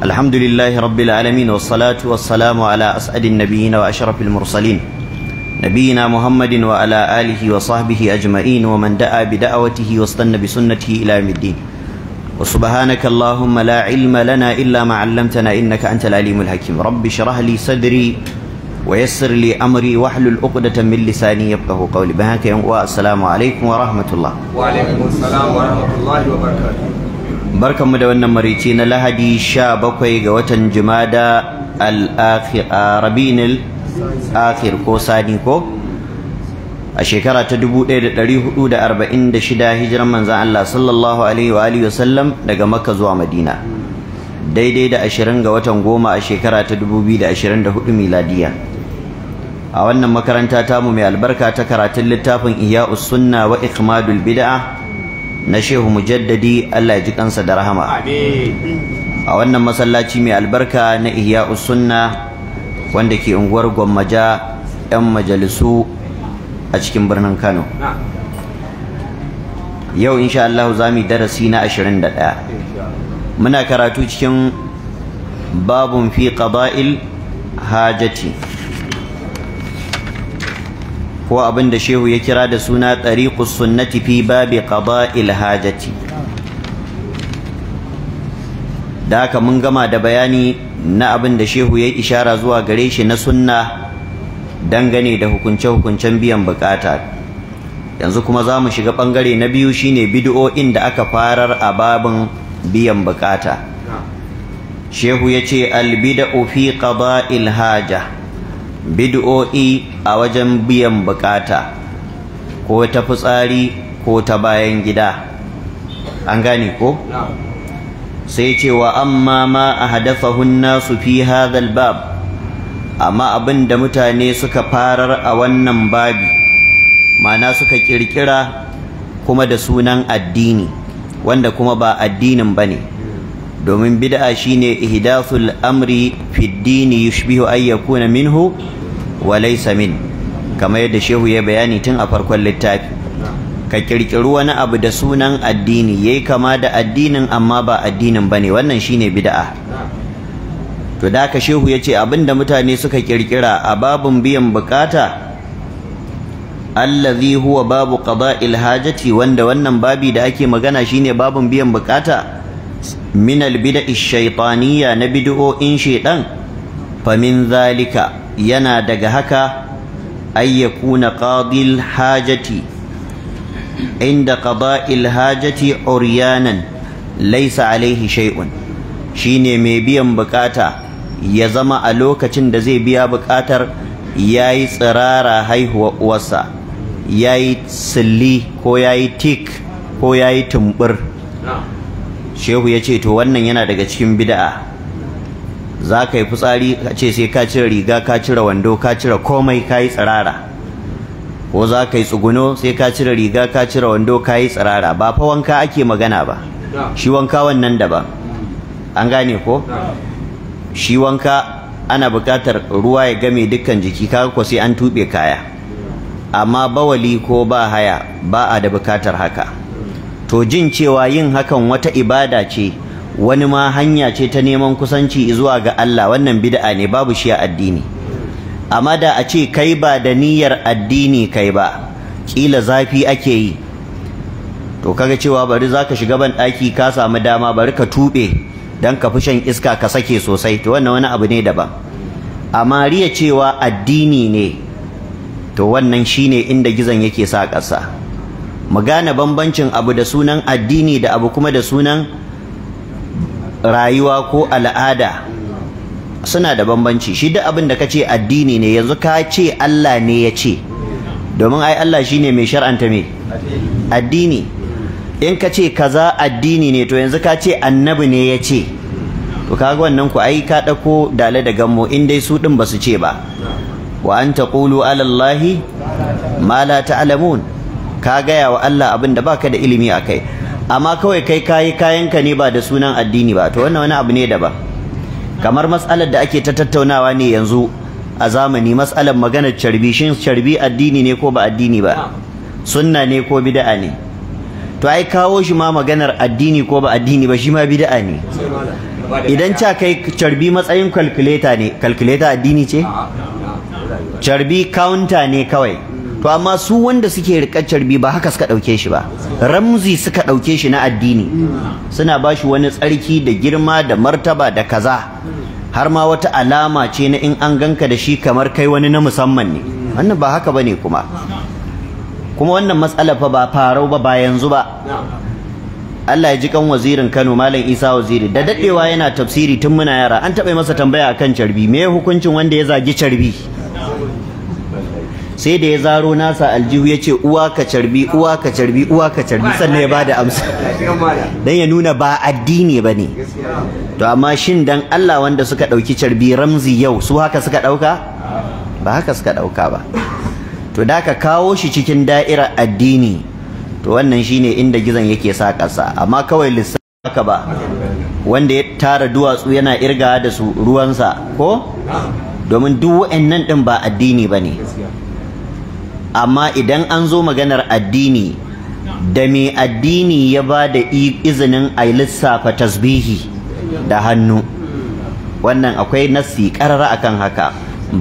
الحمد لله رب العالمين والصلاة والسلام على أسعد النبيين وأشرف المرسلين نبينا محمد وعلى آله وصحبه أجمعين ومن دعا بدعوته واستنى بسنته إلى يوم الدين وسبحانك اللهم لا علم لنا إلا ما علمتنا إنك أنت العليم الحكيم رب اشرح لي صدري ويسر لي أمري واحلل عقدة من لساني يفقه قولي بهاك يوم السلام عليكم ورحمة الله وعليكم السلام ورحمة الله وبركاته mu da wannan marici na lahadi sha bakwai ga watan jumada al-rabinil akhir ko sani ko a shekara ta 1446 hijiran manzan Allah sallallahu alaihi wa alihi wasallam daga makka zuwa madina daidai da 20 ga watan goma a shekara ta 2024 miladiya a wannan makaranta tamu mai albarka ta karatun littafin ihya'us sunna wa ikmadul bid'ah na shehu mujaddadi Allah ya ji kansa da rahama a wannan masallaci mai albarka na ihya sunna wanda ke unguwar gwammaja yan majalisu a cikin birnin kano yau insha Allah za mu darasi na 21 muna karatu cikin babun fi qada'il hajati ko abin da shehu ya kira da suna tariqus sunnati fi babi qada'il hajati da haka mun gama da bayani na abin da shehu ya ishara zuwa gare shi na sunna dangane da hukunce-hukuncen biyan bukata yanzu kuma za mu shiga bangare na biyu shine bid'o'in da aka farar a babin biyan bukata shehu ya ce albida'u fi qada'il haja bid'o'i a wajen biyan bukata ko ta fitsari ko ta bayan gida an gane ko sai cewa amma ma ahdathahu hunna nasu fi hadha bab amma abinda mutane suka farar a wannan babi mana suka kirkira kuma da sunan addini wanda kuma ba addinin bane domin bid'a shine ihdathul amri fi dini yushbihu ay yakuna minhu wa laysa min kamar yadda shehu ya bayani tun a farkon littafi ka kirkiri wani abu da sunan addini yayi kama da addinin amma ba addinin bane wannan shine bid'a to da ka shehu yace abinda mutane suka kirkira a babun biyan bukata allazi huwa babu qada'il hajati wanda wannan babi da ake magana shine babun biyan bukata min albida'i shaytaniya na bid'o'in shaytan famin zalika yana daga haka ay yakuna qadil hajati inda qada'il hajati uryanan laysa alayhi shay'un shine mai biyan bukata ya zama a lokacin da zai biya bukatar yayi tsirara haihuwa uwarsa yayi sili ko yayi tik ko yayi tumbir. shehu ya ce to wannan yana daga cikin bid'a za ka yi fitsari ka ce sai ka cire riga ka cire wando ka cire komai ka yi tsirara ko za ka yi tsuguno sai ka cire riga ka cire wando ka yi tsirara ba fa wanka ake magana ba shi wanka wannan daban an gane ko shi wanka ana buƙatar ruwa ya game dukkan jiki kaka ko sai an tuɓe kaya amma bawali ko ba haya ba a da buƙatar haka to jin cewa yin hakan wata ibada ce wani ma hanya ce ta neman kusanci zuwa ga Allah wannan bid'a ne babu shi a addini amma da a ce kai ba da niyyar addini kai ba kila zafi ake yi to kaga cewa bari zaka shiga ban daki ka samu dama bari ka tube dan ka fushin iska ka sake sosai to wannan wani abu ne daban amma riya cewa addini ne to wannan shine inda gizon yake sa ƙasa mu gane bambancin abu da sunan addini da abu kuma da sunan rayuwa ko al'ada suna da bambanci shi duk abin da ka ce addini ne yanzu ka ce Allah ne ya ce domin ai Allah shi ne mai shar'anta me addini in ka ce kaza addini ne to yanzu ka ce annabi ne ya ce to kaga wannan ku ai ka ɗako dale da gammo in dai su din basu ce ba wa an taqulu ala allahi ma la ta'lamun ka gaya wa Allah abin da baka da ilimi a kai. amma kawai kai kayi kayanka ne ba da sunan addini ba to wannan wani abu ne daban kamar matsalar da ake ta tattaunawa ne yanzu a zamani matsalar maganar carbi shin carbi addini ne ko ba addini ba sunna ne ko bid'a ne to ai kawo shi ma maganar addini ko ba addini ba shi ma bid'a ne idan ca kai carbi matsayin calculator ne calculator addini ce carbi counter ne kawai to amma su wanda suke rikar carbi ba haka suka dauke shi ba ramzi suka dauke shi na addini suna ba shi wani tsarki da girma da martaba da kaza har ma wata alama ce na in an ganka da shi kamar kai wani na musamman ne wannan ba haka bane kuma kuma wannan matsala fa ba farau ba ba yanzu ba Allah ya ji kan wazirin Kano Malam Isa Waziri da dadewa yana tafsiri tun muna yara an taɓa masa tambaya akan carbi me hukuncin wanda ya zagi carbi sai da ya zaro nasa aljihu ya ce uwa ka carbi uwa ka carbi uwa ka carbi sannan ya bada amsa don ya nuna ba addini ba ne to amma shin dan Allah wanda suka ɗauki carbi ramzi yau su haka suka dauka ba haka suka dauka ba to da ka kawo shi cikin da'irar addini to wannan shine inda gizon yake sa kasa amma kawai lissafi haka ba wanda ya tara duwatsu yana irga da su ruwansa ko domin duk wa'annan din ba addini ba ne. amma idan an zo maganar addini da mai addini ya ba da izinin a lissafa tasbihi da hannu wannan akwai nassi karara akan haka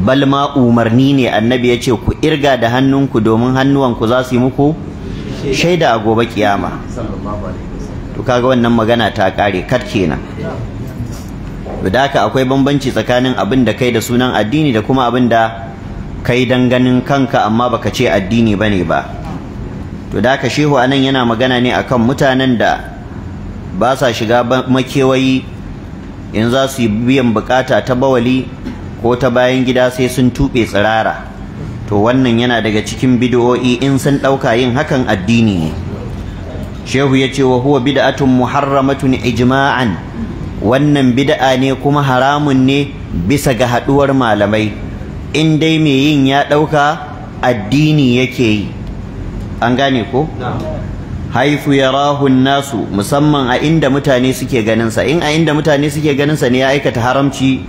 bal ma umarni ne annabi ya ce ku irga da hannunku domin hannuwanku za su yi muku shaida a gobe kiyama to kaga wannan magana ta kare kat kenan da haka akwai bambanci tsakanin abin da kai da sunan addini da kuma abin da kai danganin kanka amma baka ce addini bane ba to da ka shehu anan yana magana ne akan mutanen da ba sa shiga makewayi in za su yi biyan bukata ta bawali ko ta bayan gida sai sun tuɓe tsirara to wannan yana daga cikin bid'o'i in sun ɗauka yin hakan addini ne shehu ya ce wa huwa bid'atun muharramatun ijma'an wannan bid'a ne kuma haramun ne bisa ga haɗuwar malamai in dai mai yin ya ɗauka addini yake yi an gane ko haifu rahun nasu musamman a inda mutane suke ganinsa in a inda mutane suke ganinsa ne ya aikata haramci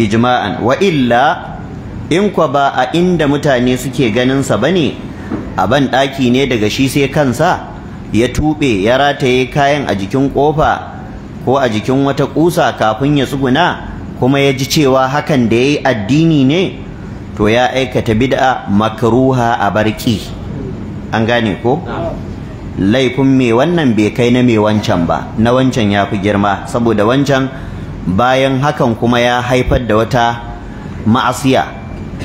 ijma'an wa illa in kwa ba a inda mutane suke ganinsa bane a ban ɗaki ne daga shi sai kansa ya tube ya rataye kayan a jikin ƙofa ko a jikin wata ƙusa kafin ya tsuguna kuma ya ji cewa hakan da ya yi addini ne to ya aikata bid'a makruha a barki an gane ko laifin me wannan bai kai na me wancan ba na wancan ya fi girma saboda wancan bayan hakan kuma ya haifar da wata ma'asiya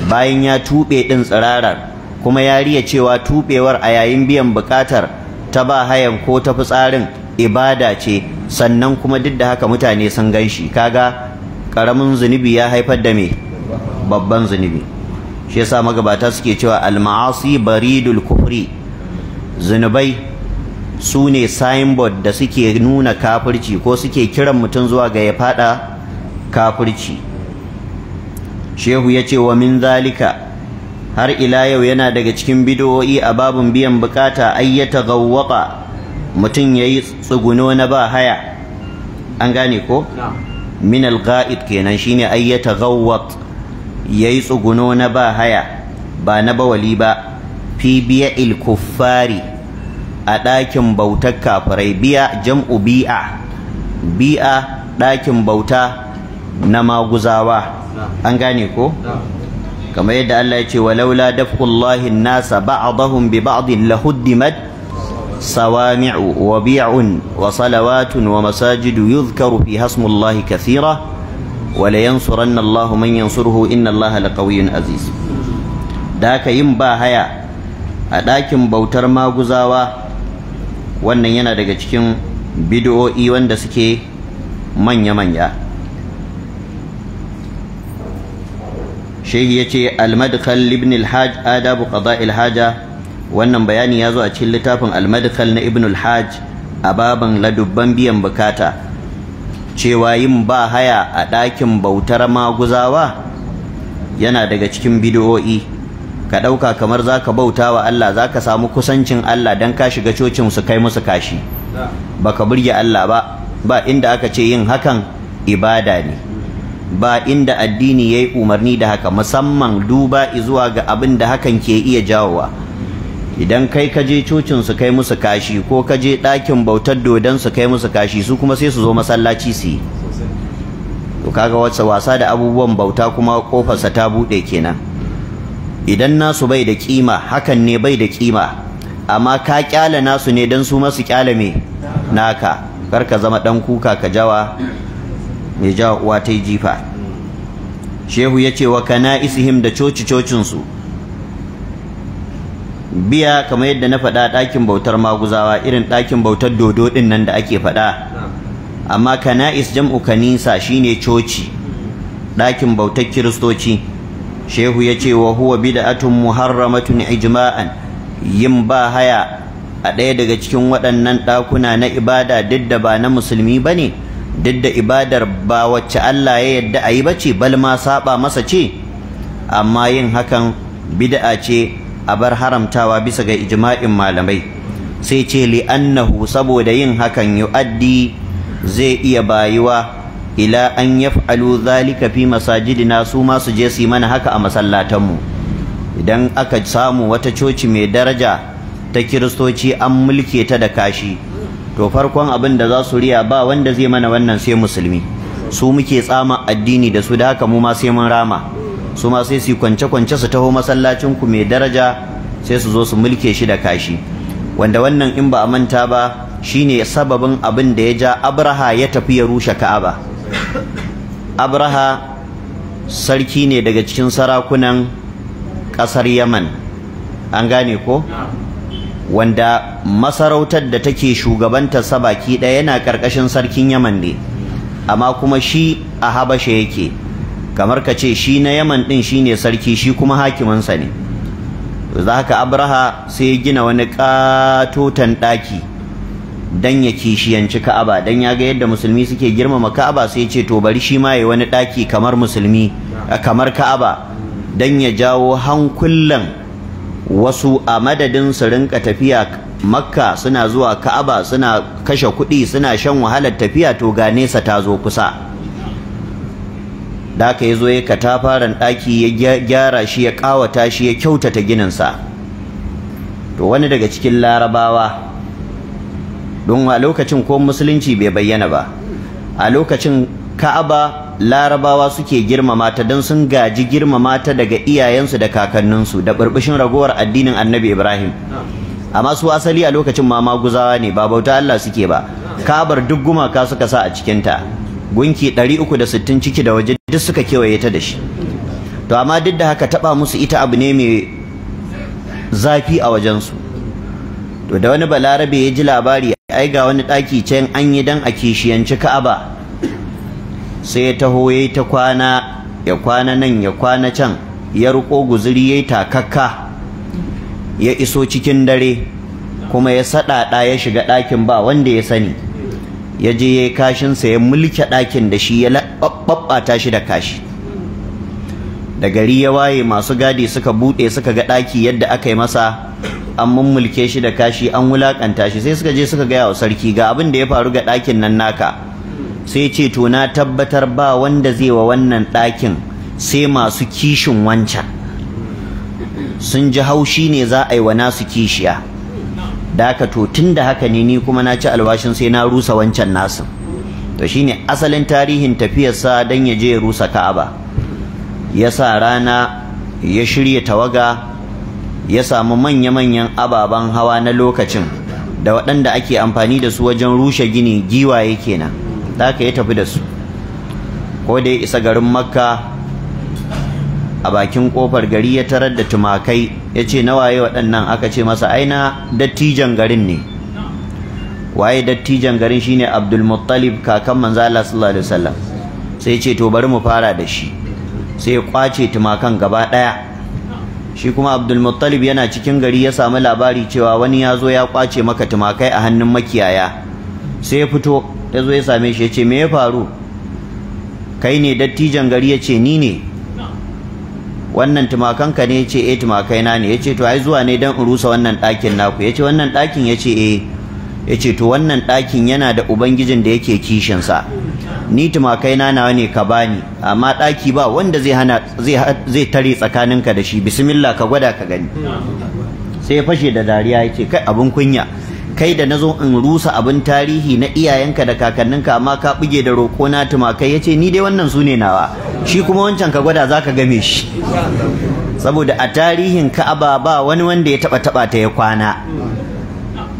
bayan ya tube din tsirarar kuma ya riya cewa tubewar a yayin biyan bukatar ta ba hayan ko ta tsarin ibada ce sannan kuma duk da haka mutane sun gan shi kaga karamin zunubi ya haifar da me babban zunubi shi yasa magabata suke cewa al-ma'asi baridul kufri zunubai su ne signboard da suke nuna kafirci ko suke kiran mutum zuwa ga ya fada kafirci shehu ya ce wa min zalika har ila yau yana daga cikin bidowoyi a babun biyan bukata ayyata gawwaka mutum ya yi tsuguno na ba haya an gane ko min al kenan shine ayyata gawwat yayi tsuguno na ba haya ba na bawali ba fi biya il kuffari a ɗakin bautar kafirai biya jam'u bi'a bi'a ɗakin bauta na maguzawa an gane ko kamar yadda Allah ya ce walaula dafqullahi nasa ba'dahum bi ba'din lahuddimat صوامع wa salawatun wa masajidu yuzkaru fi hasmullahi كثيرا wala yansuranna Allahu man yansuruhu inna Allaha laqawiyyun aziz da ka yin ba haya a ɗakin bautar maguzawa wannan yana daga cikin bidiyo'i wanda suke manya-manya shehi ya ce madkhal ibn al-hajj adabu qada al-haja wannan bayani ya zo a cikin littafin al-madkhal na ibn al-hajj a baban ladubban biyan bukata cewa yin ba haya a ɗakin bautar maguzawa yana daga cikin bidiyo'i ka ɗauka kamar za ka bauta wa Allah za ka samu kusancin Allah don ka shiga cocin su kai musu kashi baka burge Allah ba ba inda aka ce yin hakan ibada ne ba inda addini yayi umarni da haka musamman duba zuwa ga abin da hakan ke iya jawowa idan kai ka je cocin su kai musu kashi ko ka je ɗakin bautar dodon su kai musu kashi su kuma sai su zo masallaci su yi to kaga wasa wasa da abubuwan bauta kuma kofarsa ta buɗe kenan idan nasu bai da kima hakan ne bai da kima amma ka kyala nasu ne dan su masu kyale me naka kar ka zama dan kuka ka jawa mai jawa uwa ta jifa shehu yace wa kana isihim da coci cocin su biya kamar yadda na faɗa ɗakin bautar maguzawa irin ɗakin bautar dodo ɗin nan da ake faɗa amma kana'is jam'u kanisa shine coci ɗakin bautar kiristoci shehu ya ce wa huwa bid'atun muharramatun ijma'an yin ba haya a ɗaya daga cikin waɗannan ɗakuna na ibada duk da ba na musulmi ba ne? duk da ibadar ba wacce Allah ya yadda a yi bace bal ma saɓa masa ce amma yin hakan bid'a ce a bar haramtawa bisa ga ijma'in malamai sai ce li'annahu saboda yin hakan yu'addi zai iya bayuwa ila an yaf'alu zalika fi masajidina su ma su je su mana haka a masallatanmu idan aka samu wata coci mai daraja ta kiristoci an mulke ta da kashi to farkon abin da za su riya ba wanda zai mana wannan sai musulmi su muke tsama addini da su da haka mu ma sai mun rama su ma sai su kwance kwance su taho masallacin ku mai daraja sai su zo su mulke shi da kashi wanda wannan in ba a manta ba shine sababin abin da ya ja Abraha ya tafi ya rushe Ka'aba Abraha sarki ne daga cikin sarakunan ƙasar Yaman an gane ko wanda masarautar da take shugabanta sabaki ɗaya yana ƙarƙashin sarkin Yaman ne amma kuma shi a Habasha yake kamar ka ce shi na yaman din shine sarki shi kuma hakimansa ne za ka abraha sai ya gina wani katotan daki don ya kishiyanci ka'aba don ya ga yadda musulmi suke girmama ka'aba sai ya ce to bari shi ma yi wani daki kamar musulmi kamar ka'aba don ya jawo hankulan wasu a madadin su rinka tafiya makka suna zuwa ka'aba suna kashe kuɗi suna shan wahalar tafiya to ga nesa ta zo kusa da yi yi zo ya katafaran ɗaki ya gyara shi ya kawata shi ya kyautata gininsa to wani daga cikin larabawa don a lokacin ko musulunci bai bayyana ba a lokacin ka'aba larabawa suke girmama ta don sun gaji girmama ta daga iyayensu da kakanninsu da burbushin ragowar addinin annabi ibrahim amma su asali a lokacin ma maguzawa ne ba bauta allah suke ba kabar duk gumaka suka sa a cikinta gunki 360 ciki da waje duk suka kewaye ta da shi to amma duk da haka taba musu ita abu ne mai zafi a wajen su. to da wani balarabe ya ji labari ai ga wani ɗaki can an yi dan a kishiyanci ka'aba sai ya taho ta kwana ya kwana nan ya kwana can ya riko guzuri ya takakka ya iso cikin dare kuma ya saɗaɗa ya shiga ɗakin ba wanda ya sani ya je ya kashinsa ya mulke ɗakin da shi ya laɓaɓɓata shi da kashi da gari ya waye masu gadi suka buɗe suka ga ɗaki yadda aka yi masa an mulke shi da kashi an wulaƙanta shi sai suka je suka gaya wa sarki ga abin da ya faru ga ɗakin nan naka sai ce to na tabbatar ba wanda zai wa wannan ɗakin sai masu kishin wancan sun ji haushi ne za a yi wa nasu kishiya da haka to tunda haka ne ni kuma na ci alwashin sai na rusa wancan nasu to shine asalin tarihin tafiyar sa dan ya je ya rusa Ka'aba ya sa rana ya shirya tawaga ya samu manya-manyan ababen hawa na lokacin da waɗanda ake amfani da su wajen rushe gini giwaye kenan da haka ya tafi da su ko da ya isa garin Makka a bakin kofar gari ya tarar da tumakai ya ce na waye waɗannan aka ce masa aina dattijan garin ne waye dattijan garin shine Abdulmuttalib kakan manzo Allah sallallahu alaihi wasallam sai ce to bari mu fara da shi sai ya kwace tumakan gaba daya shi kuma Abdulmuttalib yana cikin gari ya samu labari cewa wani ya zo ya kwace maka tumakai a hannun makiyaya sai ya fito ya zo ya same shi ya ce me ya faru kai ne dattijan gari ya ce ni ne wannan tumakanka ne yace eh tumakaina ne yace to ai zuwa ne dan in rusa wannan ɗakin naku yace wannan ɗakin yace eh yace to wannan ɗakin yana da ubangijin da yake kishin sa ni tumakaina nawa ne ka bani amma ɗaki ba wanda zai hana zai zai tare tsakaninka da shi bismillah ka gwada ka gani sai ya fashe da dariya yace kai abun kunya kai da nazo in rusa abun tarihi na iyayenka da kakanninka amma ka buge da roƙo na tumakai yace ni dai wannan sune nawa shi kuma wancan ka gwada zaka game shi saboda a tarihin Ka'aba ba wani wanda ya taba taba ta ya kwana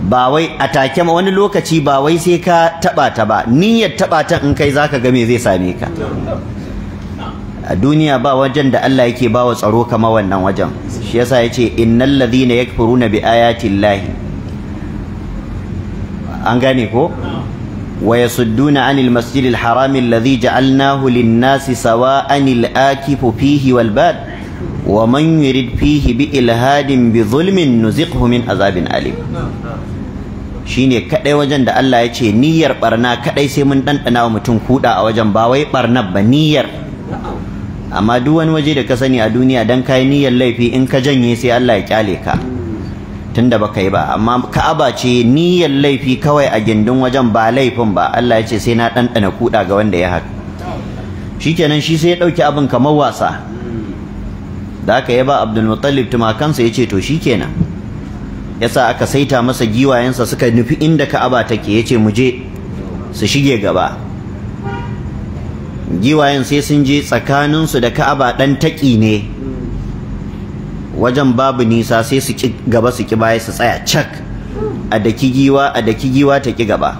ba wai a take ma wani lokaci ba wai sai ka taba ta ba niyyar taba ta in kai zaka game zai same ka a duniya ba wajen da Allah yake ba wa tsaro kama wannan wajen shi yasa yace innal ladhina yakfuruna bi ayati llahi an gane ko ويصدون عن المسجد الحرام الذي جعلناه للناس سواء الآكف فيه والباد ومن يرد فيه بإلهاد بظلم نزقه من عذاب أليم shine kadai wajen da Allah ya ce niyyar barna kadai sai mun dandana wa mutum kuda a wajen ba wai barna ba niyyar amma duk wani waje da ka sani a duniya dan kai niyyar laifi in ka janye sai Allah ya kyale ka tunda baka yi ba amma Ka'aba ce niyyar laifi kawai a gindin wajen ba laifin ba Allah ya ce sai na ɗanɗana kuɗa ga wanda ya haɗu shikenan shi sai ya ɗauki abin kamar wasa da aka ba Abdul Muttalib tumakansa ya ce to shikenan yasa aka saita masa giwayensa suka nufi inda Ka'aba take yace mu je su shige gaba giwayen sai sun je tsakaninsu da Ka'aba ɗan taƙi ne wajen babu nisa sai su ki gaba su ki baya su tsaya cak a daki giwa a daki giwa ta ki gaba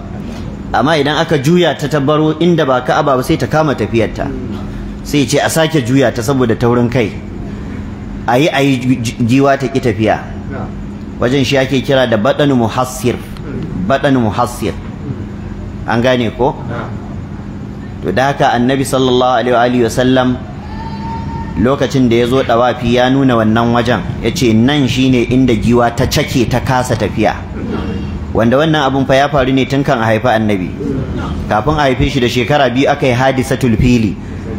amma idan aka juya ta tabbaro inda ba Ka'aba ba sai ta kama tafiyarta sai ce a sake juya ta saboda taurin kai ayi ayi giwa ta ki tafiya wajen shi ake kira da badanu muhassir badanu muhassir an gane ko to da haka annabi sallallahu alaihi wa sallam lokacin da ya zo ɗawafi ya nuna wannan wajen ya ce nan shi ne inda giwa ta cake ta kasa tafiya wanda wannan abin fa ya faru ne tun kan a haifi annabi kafin a haife shi da shekara biyu aka yi hadisa tulfili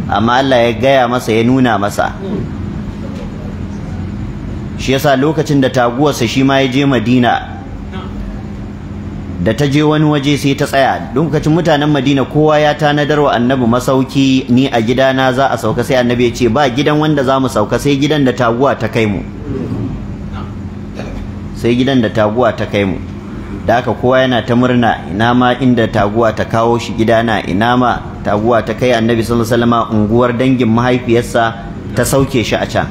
amma Allah ya gaya masa ya nuna masa shi yasa lokacin da taguwarsa shi ma ya je Madina da ta je wani waje sai ta tsaya lokacin mutanen Madina kowa ya tanadar wa annabi masauki ni a gidana za a sauka sai annabi ya ce ba gidan wanda za mu sauka sai gidan da taguwa ta kai mu sai gidan da taguwa ta kai mu da haka kowa yana ta murna ina ma inda taguwa ta kawo shi gidana ina ma taguwa ta kai annabi sallallahu alaihi wasallam unguwar dangin mahaifiyarsa ta sauke shi a can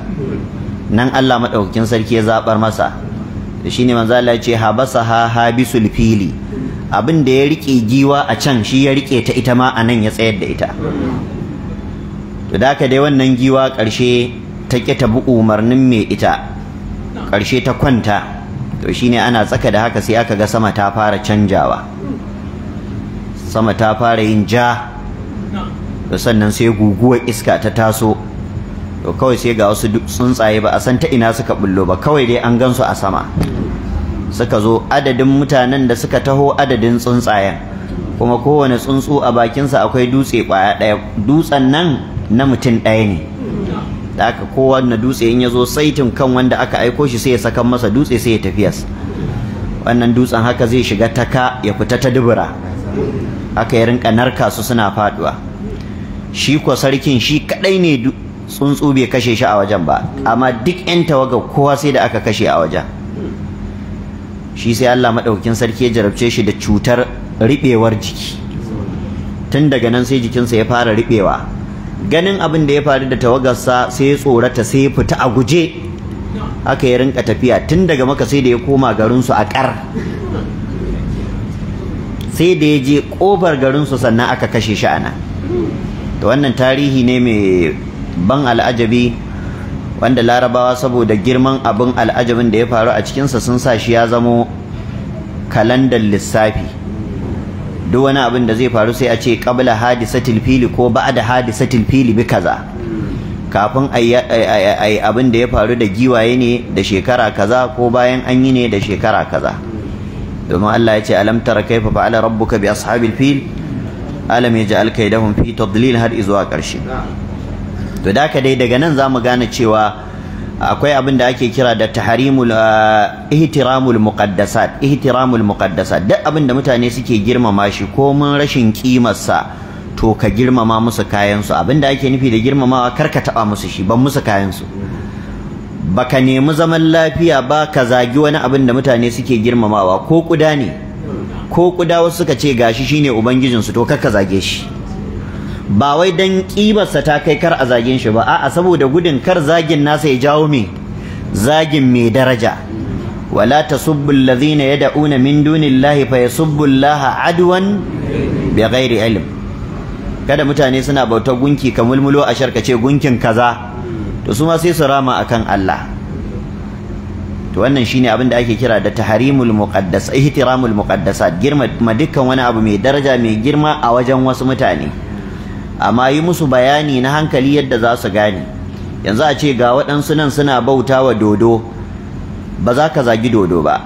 nan Allah madaukakin sarki ya zabar masa da ne manzo Allah ce habasaha habisul fili abin da ya rike giwa a can shi ya rike ta ita ma anan ya tsayar da ita to da haka dai wannan giwa karshe ta ke ta bu umarnin mai ita karshe ta kwanta to shine ana tsaka da haka sai aka ga sama ta fara canjawa sama ta fara yin ja sannan sai guguwar iska ta taso to kawai sai ga wasu tsuntsaye ba a san ta ina suka bullo ba kawai dai an gansu a sama suka zo adadin mutanen da suka taho adadin tsuntsayen kuma kowane tsuntsu a bakinsa akwai dutse kwaya ɗaya dutsen nan na mutum ɗaya ne da aka kowanne dutse in ya zo saitin kan wanda aka aiko shi sai ya saka masa dutse sai ya tafiya wannan dutsen haka zai shiga taka ya fita ta dubura aka ya rinka narka su suna faduwa shi ko sarkin shi kadai ne tsuntsu bai kashe shi a wajen ba amma duk yan tawaga kowa sai da aka kashe a wajen shi sai Allah maɗaukin sarki ya jarabce shi da cutar riɓewar jiki tun daga nan sai jikinsa ya fara riɓewa ganin abin da ya faru da tawagarsa sai ya tsorata sai ya fita a guje haka ya rinka tafiya tun daga maka sai da ya koma garinsu a kar sai da ya je kofar garinsu sannan aka kashe shi a nan to wannan tarihi ne mai ban al'ajabi wanda larabawa saboda girman abin al'ajabin da ya faru a cikinsa sun sa shi ya zamo kalandar lissafi duk wani abin da zai faru sai a ce kabla hadisatil fili ko ba'da hadisatil fili bi kaza kafin ai abin da ya faru da giwaye ne da shekara kaza ko bayan an yi ne da shekara kaza domin Allah ya ce alam tara kaifa fa'ala rabbuka bi ashabil fil alam yaj'al kaidahum fi tadlil har izuwa karshe to da ka dai daga nan za mu gane cewa akwai abin da ake kira da tahrimul ah, ihtiramul muqaddasat ihtiramul muqaddasat duk abin da mutane suke girmama shi ko mun rashin kimarsa to ka girmama musu kayan su abin da ake nufi da girmamawa kar ka taba musu shi ban musu kayan su baka nemi zaman lafiya ba ka zagi wani abin da mutane suke girmamawa ko kuda ne ko kuda wasu suka ce gashi shine ubangijinsu to kar ka zage shi ba wai dan kibarsa ta kai kar a zagin shi ba a'a saboda gudun kar zagin nasa ya jawo me zagin mai daraja wala tasubbu alladhina yad'una min dunillahi fayasubbu allaha adwan ghairi ilm kada mutane suna bauta gunki ka mulmulo a sharkace gunkin kaza to su ma sai su rama akan Allah to wannan shine abin da ake kira da taharimul muqaddas ihtiramul muqaddasat girma dukkan wani abu mai daraja mai girma a wajen wasu mutane amma yi musu bayani na hankali yadda za su gane yanzu a ce ga waɗansu nan suna bauta wa dodo ba za ka zagi dodo ba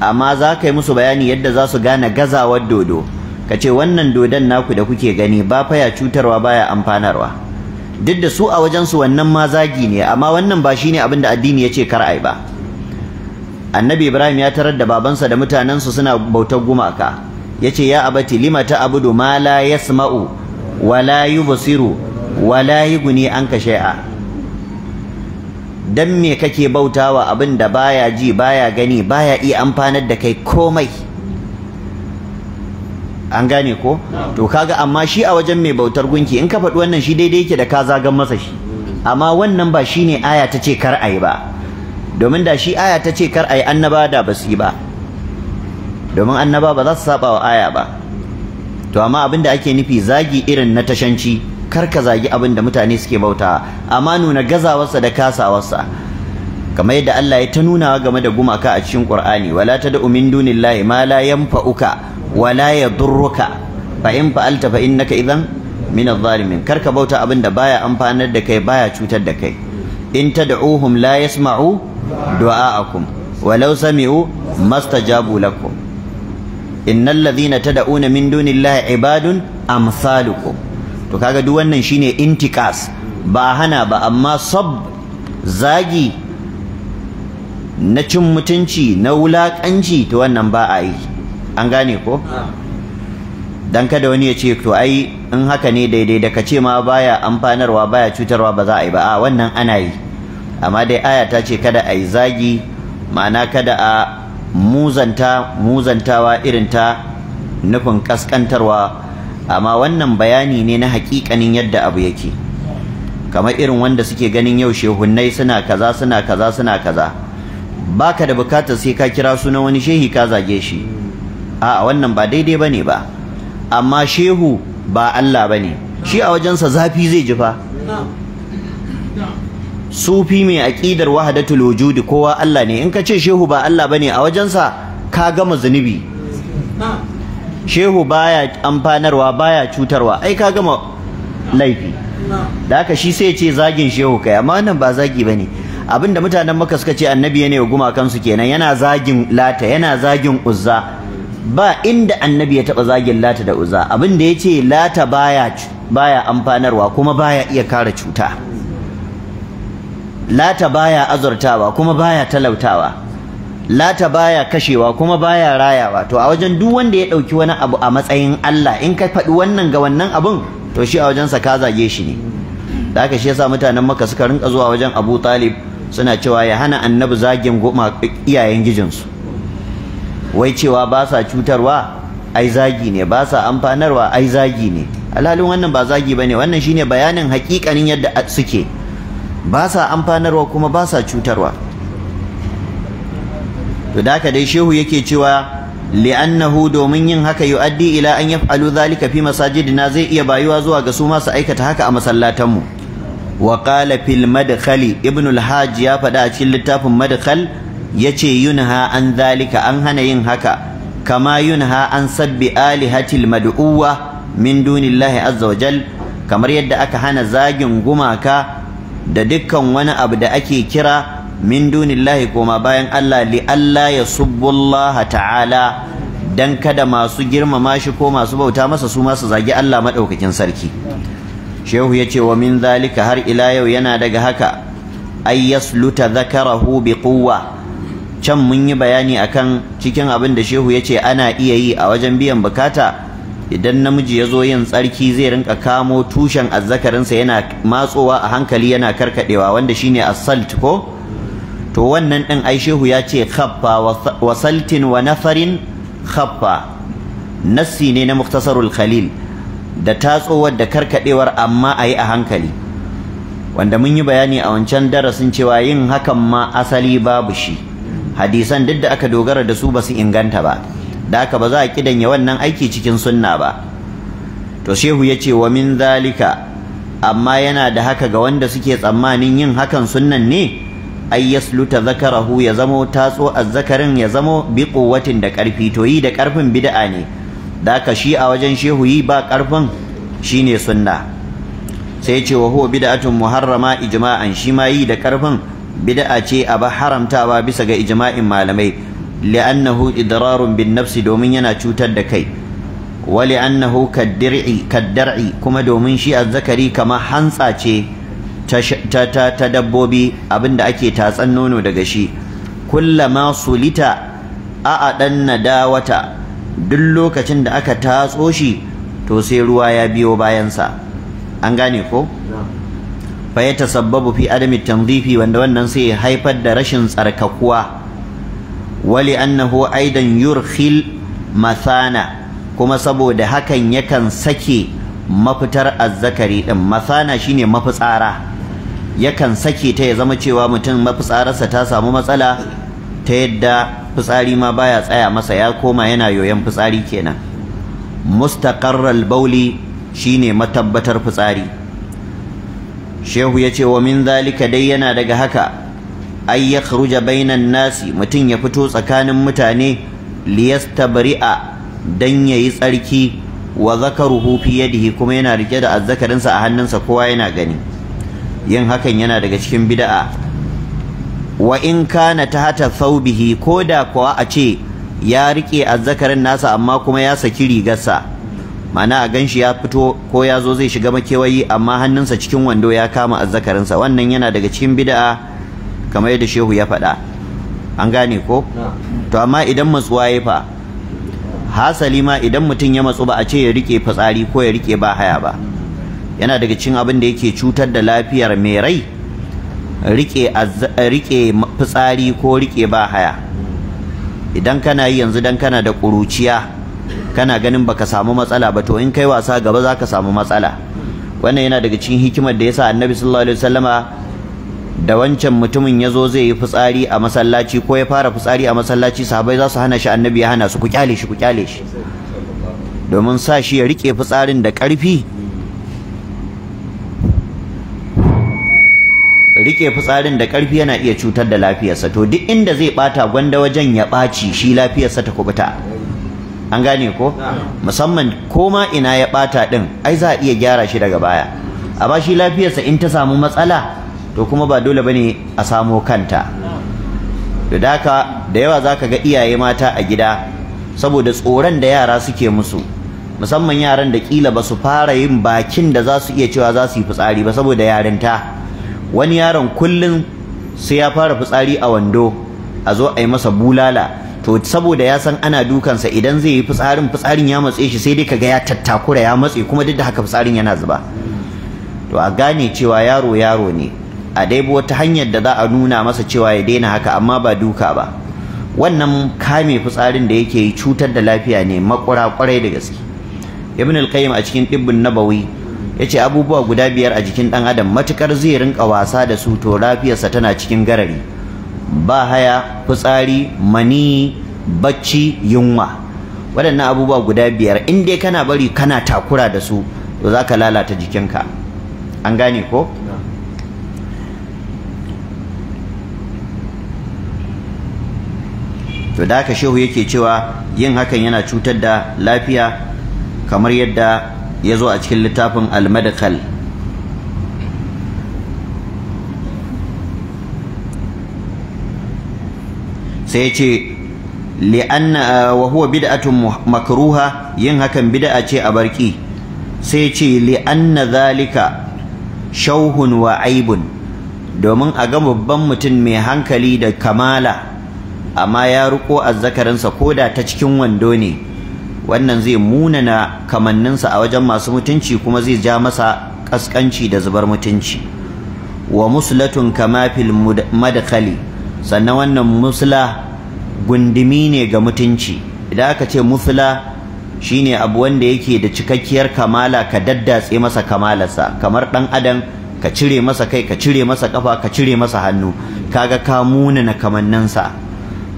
amma za ka yi musu bayani yadda za su gane gazawar dodo ka ce wannan dodon naku da kuke gani ba faya cutarwa baya amfanarwa duk da su a wajensu wannan ma zagi ne amma wannan ba shine abin da addini ya ce kar ai ba annabi ibrahim ya tarar da babansa da mutanensu suna bautar gumaka ya ce ya abati lima ta abudu ma la yasma'u wala Basiru, wala an anka shay'a dan me kake bautawa abin da baya ji baya gani baya iya amfanar da kai komai an gane ko to kaga amma shi a wajen mai bautar gunki in ka faɗi wannan shi daidai yake da ka zagan masa shi amma wannan ba shine aya ta ce kar ayi ba domin da shi aya ta ce kar ayi annaba da basi ba domin annaba ba za su saba wa aya ba to amma abin da ake nufi zagi irin na tashanci kar ka zagi abin da mutane suke bauta amma nuna gazawarsa da kasawarsa kamar yadda Allah ya ta nuna game da gumaka a cikin Qur'ani wala tad'u min dunillahi ma la yanfa'uka wa la yadurruka fa in fa'alta fa innaka idan min adh-dhalimin kar ka bauta abin da baya amfanar da kai baya cutar da kai in tad'uhum la yasma'u du'a'akum walau sami'u mastajabu lakum inna na tad'una min dunillahi ibadun amsalukum to kaga duk wannan shine intikas ba hana ba amma sab zagi na cin mutunci na wulakanci to wannan ba a yi an gane ko dan kada wani ya ce to ai in haka ne daidai da kace ma baya amfanarwa baya cutarwa ba za a yi ba a wannan ana yi amma dai aya ta ce kada a zagi ma'ana kada a muzanta muzantawa irin ta nufin kaskantarwa amma wannan bayani ne na hakikanin yadda abu yake kamar irin wanda suke ganin yau shehunnai suna kaza suna kaza suna kaza baka da bukatar sai ka kira sunan wani shehi ka zage shi a'a wannan ba daidai bane ba amma shehu ba Allah bane shi a wajensa zafi zai jifa sufi mai aƙidar wahdatul wujudi kowa Allah ne in ka ce shehu ba Allah bane a wajensa ka gama zunubi shehu baya amfanarwa baya cutarwa ai ka gama laifi da haka shi sai ce zagin shehu kai amma nan ba zagi bane abinda mutanen maka suka ce annabi yana guma kansu kenan yana zagin lata yana zagin uzza ba inda annabi ya taba zagin lata da uzza abinda yace lata baya baya amfanarwa kuma baya iya kare cuta lata baya azurtawa kuma baya talautawa lata baya kashewa kuma baya rayawa to a wajen duk wanda ya dauki wani abu a matsayin Allah in ka faɗi wannan ga wannan abun to shi a wajensa ka zage shi ne da haka shi yasa mutanen maka suka rinka zuwa wajen Abu Talib suna cewa ya hana annabi zagin goma iyayen gijinsu wai cewa ba sa cutarwa ai zagi ne ba sa amfanarwa ai zagi ne alhalin wannan ba zagi bane wannan shine bayanin hakikanin yadda suke ba sa amfanarwa kuma ba sa cutarwa to da haka dai shehu yake cewa li'annahu domin yin haka yu'addi ila an yaf'alu zalika fi masajidina zai iya bayuwa zuwa ga su ma su aikata haka a masallatan mu wa qala fil madkhali ibn al ya faɗa a cikin littafin madkhal yace yunha an zalika an hana yin haka kama yunha an sabbi alihatil mad'uwa min dunillahi azza wajal kamar yadda aka hana zagin gumaka da dukkan wani abu da ake kira min dunillahi koma bayan Allah li Allah ya subbullaha ta'ala dan kada masu girmama shi ko masu bauta masa su masu zagi Allah madaukakin sarki shehu yace wa min zalika har ila yau yana daga haka ay yasluta dhakarahu bi quwwa can mun yi bayani akan cikin abin da shehu yace ana iya yi a wajen biyan bukata idan namiji ya zo yin tsarki zai rinka kamo tushen azzakarinsa yana matsowa a hankali yana karkadewa wanda shine asalt ko to wannan din ai shehu ya ce khaffa wa saltin wa nafarin khaffa nassi ne na muktasarul khalil da tatsowar da karkadewar amma ayi a hankali wanda mun yi bayani a wancan darasin cewa yin hakan ma asali babu shi hadisan duk da aka dogara da su basu inganta ba da haka ba za a kidanya wannan aiki cikin sunna ba to shehu ya ce wa min zalika amma yana da haka ga wanda suke tsammanin yin hakan sunnan ne ay yasluta zakarahu ya zamo tatso azzakarin ya zamo bi quwwatin da karfi to yi da karfin bida'a ne da haka shi a wajen shehu yi ba karfin shine sunna sai ce wa huwa bid'atun muharrama ijma'an shi ma yi da karfin bida'a ce a ba haramtawa bisa ga ijima'in malamai li'annahu idrarun bin nafsi domin yana cutar da kai wa li'annahu kaddir'i kuma domin shi Zakari kamar hantsace ce ta ta ta dabbobi abinda ake tatsan nono daga shi kullama sulita a adanna dawata duk lokacin da aka tatso shi to sai ruwa ya biyo bayansa an gane ko fa yatasabbabu fi adami tanzifi wanda wannan sai haifar da rashin tsarkakuwa wali annahu aidan yurkhil mathana kuma saboda hakan yakan sake mafitar azzakari din mathana shine mafitsara yakan sake ta ya zama cewa mutum mafitsararsa ta samu matsala ta yadda fitsari ma baya tsaya masa ya koma yana yoyon fitsari kenan mustaqarral bauli shine matabbatar fitsari shehu yace wa min zalika dai yana daga haka ay yakhruja bainan nasi mutum ya fito tsakanin mutane liyastabri'a dan yayi tsarki wa zakaruhu fi yadihi kuma yana rike da azzakarinsa a hannunsa kowa yana gani yin hakan yana daga cikin bid'a wa in kana tahta thawbihi koda kuwa a ce ya rike azzakarin nasa amma kuma ya saki rigarsa mana a ganshi ya fito ko ya zo zai shiga makewayi amma hannunsa cikin wando ya kama azzakarinsa wannan yana daga cikin bida'a. kamar yadda shehu ya faɗa an gane ko to amma idan matsuwa ya fa hasali ma idan mutum ya matsu ba a ce ya rike fitsari ko ya rike ba haya ba yana daga cikin abin da yake cutar da lafiyar mai rai rike rike fitsari ko rike ba haya idan kana yi yanzu dan kana da kuruciya kana ganin baka samu matsala ba to in kai wasa gaba zaka samu matsala wannan yana daga cikin hikimar da yasa annabi sallallahu alaihi wasallama da wancan mutumin ya zo zai yi fitsari a masallaci ko ya fara fitsari a masallaci sahabai za su hana shi annabi ya hana su ku kyale shi ku kyale shi domin sa shi ya rike fitsarin da ƙarfi rike fitsarin da ƙarfi yana iya cutar da lafiyarsa to duk inda zai bata gwanda wajen ya ɓaci shi lafiyarsa ta kubuta an gane ko musamman koma ina ya ɓata din ai za a iya gyara shi daga baya a ba shi lafiyarsa in ta samu matsala to kuma ba dole bane a samo kanta to daka da yawa zaka ga iyaye mata a gida saboda tsoron da yara suke musu musamman yaran da kila ba su fara yin bakin da za su iya cewa za su yi fitsari ba saboda yarinta wani yaron kullun sai ya fara fitsari a wando a zo a yi masa bulala to saboda ya san ana dukansa idan zai yi fitsarin fitsarin ya matse shi sai dai kaga ya tattakura ya matse kuma duk da haka fitsarin yana zuba to a gane cewa yaro yaro ne a daibu wata hanyar da za a nuna masa cewa ya daina haka amma ba duka ba wannan kame fitsarin da yake yi cutar da lafiya ne makura kwarai da gaske ibn al-qayyim a cikin dibbin nabawi yace abubuwa guda biyar a jikin dan adam matukar zai rinka wasa da su to lafiyarsa tana cikin garari ba haya fitsari mani bacci yunwa waɗannan abubuwa guda biyar in dai kana bari kana takura da su to zaka lalata jikinka an gane ko to da haka shehu yake cewa yin hakan yana cutar da lafiya kamar yadda ya zo a cikin littafin al-madkhal sai ya ce li'anna wa huwa bid'atun makruha yin hakan bid'a ce a barki sai ya ce li'anna zalika shauhun wa aibun domin a ga babban mutum mai hankali da kamala amma ya ruko azzakarinsa da ta cikin wando ne wannan zai munana kamanninsa a wajen masu mutunci kuma zai ja masa kaskanci da zubar mutunci wa muslatun kamafil fil sannan wannan musla gundumi ne ga mutunci idan aka ce musla shine abu wanda yake da cikakkiyar kamala ka daddatse masa kamalarsa kamar dan adam ka cire masa kai ka cire masa kafa ka cire masa hannu kaga ka muna na kamanninsa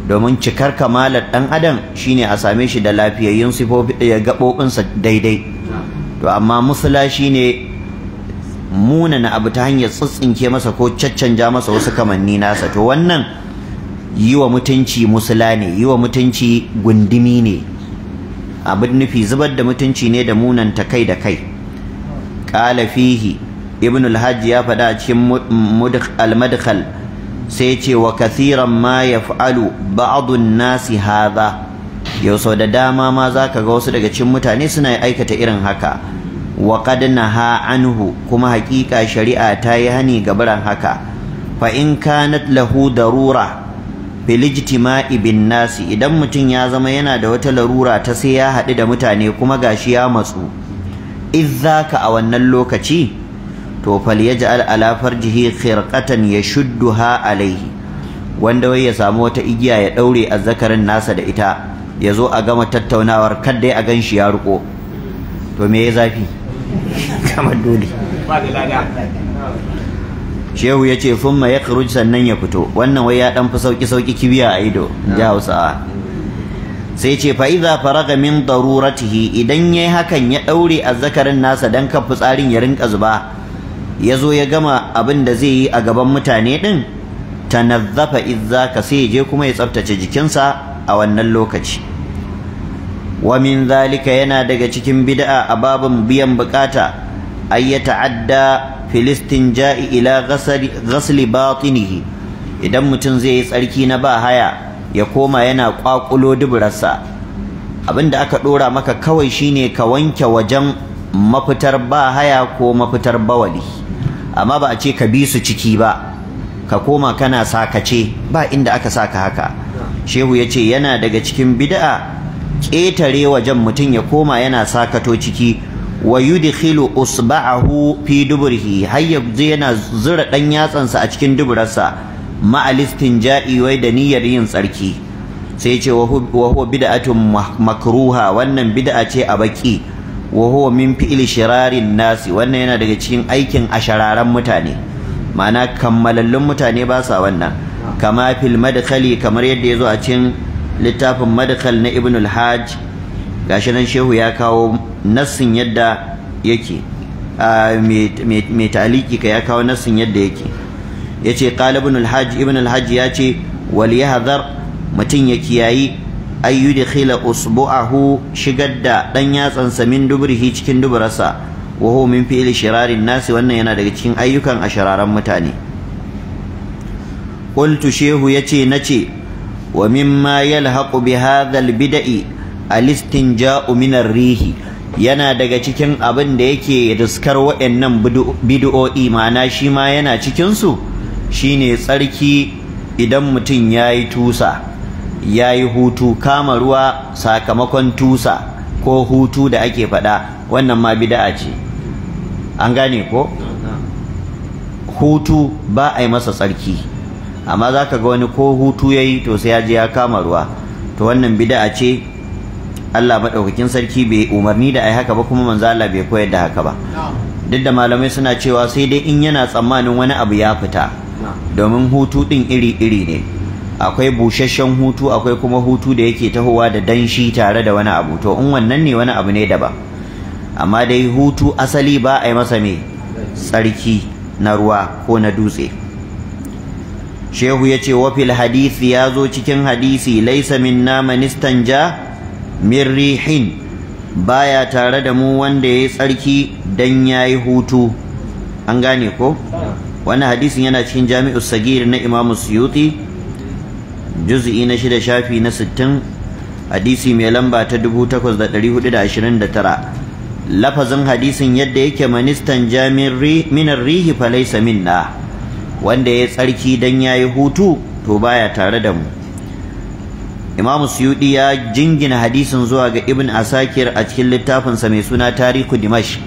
domin cikar kamalar ɗan adam shine a same shi da lafiyayyun sifofi da eh, gabobinsa daidai to amma musula shine munana abu ta hanyar tsitsinke masa ko caccanja masa wasu kamanni nasa to wannan yi wa mutunci musula ne yi wa mutunci gundumi ne abin nufi zubar da mutunci ne da munan ta kai da kai qala fihi ibn al ya faɗa a cikin al-madkhal sai ce wa kathiran ma alu ba'adun nasi haza yau sau da dama ma za ka ga wasu daga cin mutane suna aikata irin haka wa qad ha anhu kuma hakika shari'a ta yi hani gabaran haka fa in kanat lahu darura ijtima'i bin nasi idan mutum ya zama yana da wata larura ta sai ya haɗu da mutane kuma gashi ya matsu idza ka a wannan lokaci to falyaj'al ala farjihi khirqatan yashudduha alayhi wanda wai ya samu wata igiya ya daure azzakarin nasa da ita ya a gama tattaunawar kadda a ganshi ya ruko to me ya zafi kamar dole shehu ya ce ya sannan ya fito wannan wai ya dan fi sauki sauki kibiya a ido ja hausa sai ce fa idza faraga min daruratihi idan yayi hakan ya daure azzakarin nasa dan kan tsarin ya rinka zuba ya zo ya gama abin da zai yi a gaban mutane ɗin tanazzafa izzaka sai je kuma ya tsaftace jikinsa a wannan lokaci wa min zalika yana daga cikin bida'a a babin biyan bukata ay ta'adda filistin ja'i ila ghasli batinihi idan mutum zai yi tsarki na ba haya ya koma yana kwakulo duburarsa abinda aka dora maka kawai shine ka wanke wajen mafitar ba haya ko mafitar bawali amma ba a ce ka bi su ciki ba ka koma kana sakace ba inda aka sa ka haka shehu ya ce yana daga cikin bid'a ƙetare wajen mutum ya koma yana sakato ciki wa yudkhilu usba'ahu fi duburhi har yanzu yana zura dan yatsansa a cikin duburarsa ma'alistin ja'i wai da niyyar yin tsarki sai ce wa huwa bid'atun makruha wannan bid'a ce a baki wa huwa min fi'li shirarin nasi wannan yana daga cikin aikin ashararan mutane ma'ana kammalallun mutane ba sa wannan kama fil madkhali kamar yadda yazo a cikin littafin madkhal na ibn al haj gashi nan shehu ya kawo nassin yadda yake mai ta'aliki ka ya kawo nassin yadda yake yace qala ibn al haj ibn al haj yace wal yahzar mutun ya kiyayi ay khila usbu'ahu shigar da dan yatsan min dubrihi cikin dubrarsa wa huwa min shirarin nasi wannan yana daga cikin ayyukan ashararan mutane qultu shehu yace nace wa mimma yalhaqu bi hadha albida'i alistinja'u min rihi yana daga cikin abin da yake riskar waɗannan bid'o'i ma'ana shi ma yana cikin su shine tsarki idan mutum yayi tusa ya yi hutu kama ruwa sakamakon tusa ko hutu da ake faɗa wannan ma bida'a ce an gane ko hutu ba a yi masa tsarki amma za ka ga wani ko hutu ya yi to sai ya je ya kama ruwa to wannan bida'a ce Allah maɗaukakin sarki bai umarni da ai haka ba kuma manzo Allah bai koyar da haka ba duk da malamai suna cewa sai dai in yana tsammanin wani abu ya fita domin hutu ɗin iri-iri ne akwai busasshen hutu akwai kuma hutu da yake tahowa da danshi tare da wani abu to in wannan ne wani abu ne daban amma dai hutu asali ba a yi masa me tsarki na ruwa ko na dutse shehu ya ce wafil hadisi ya zo cikin hadisi laisa minna manistan ja min rihin baya tare da mu wanda ya yi tsarki dan ya yi hutu an gane ko wani hadisin yana cikin jami'u sagir na imamu suyuti juz'i na shida shafi na sittin hadisi mai lamba ta dubu da tara lafazin hadisin yadda yake ministan jami'ar minar rihi falaisa minna wanda ya tsarki dan yayi hutu to baya tare da mu imamu suyudi ya jingina hadisin zuwa ga ibn asakir a cikin littafinsa mai suna tarihu dimashq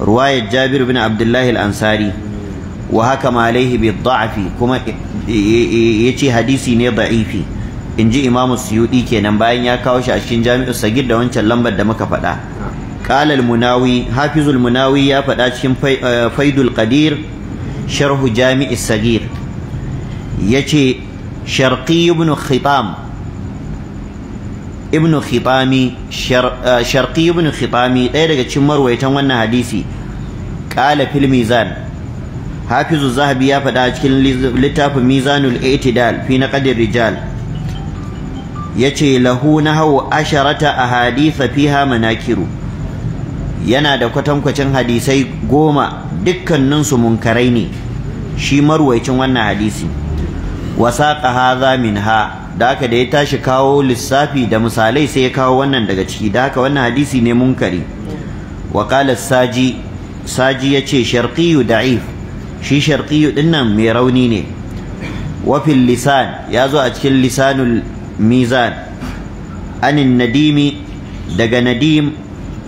ruwayar jabir bin abdullahi al-ansari wa haka ma bi da'fi kuma yace hadisi ne da'ifi inji Imam Suyuti kenan bayan ya kawo shi a cikin Jami'us Sagir da wancan lambar da muka faɗa qala al ya faɗa cikin eh, Faidul Qadir sharhu Jami'is Sagir yace Sharqi ibn Khitam ibn eh, ɗaya daga cikin marwaitan wannan hadisi qala fil mizan hafizu zahabi ya faɗa a cikin littafin mizanul i'tidal fi naqdir rijal yace lahu nahwu asharata ahadith fiha manakiru yana da kwatankwacin hadisai goma dukkaninsu munkarai ne shi marwaicin wannan hadisi wasaqa hadha minha da haka da ya tashi kawo lissafi da misalai sai ya kawo wannan daga ciki da haka wannan hadisi ne munkari wa qala saji saji yace sharqiyu da'if shi sharqiyu dinnan mai rauni ne Wafin lisan ya zo a cikin lisanul mizan anin nadimi daga nadim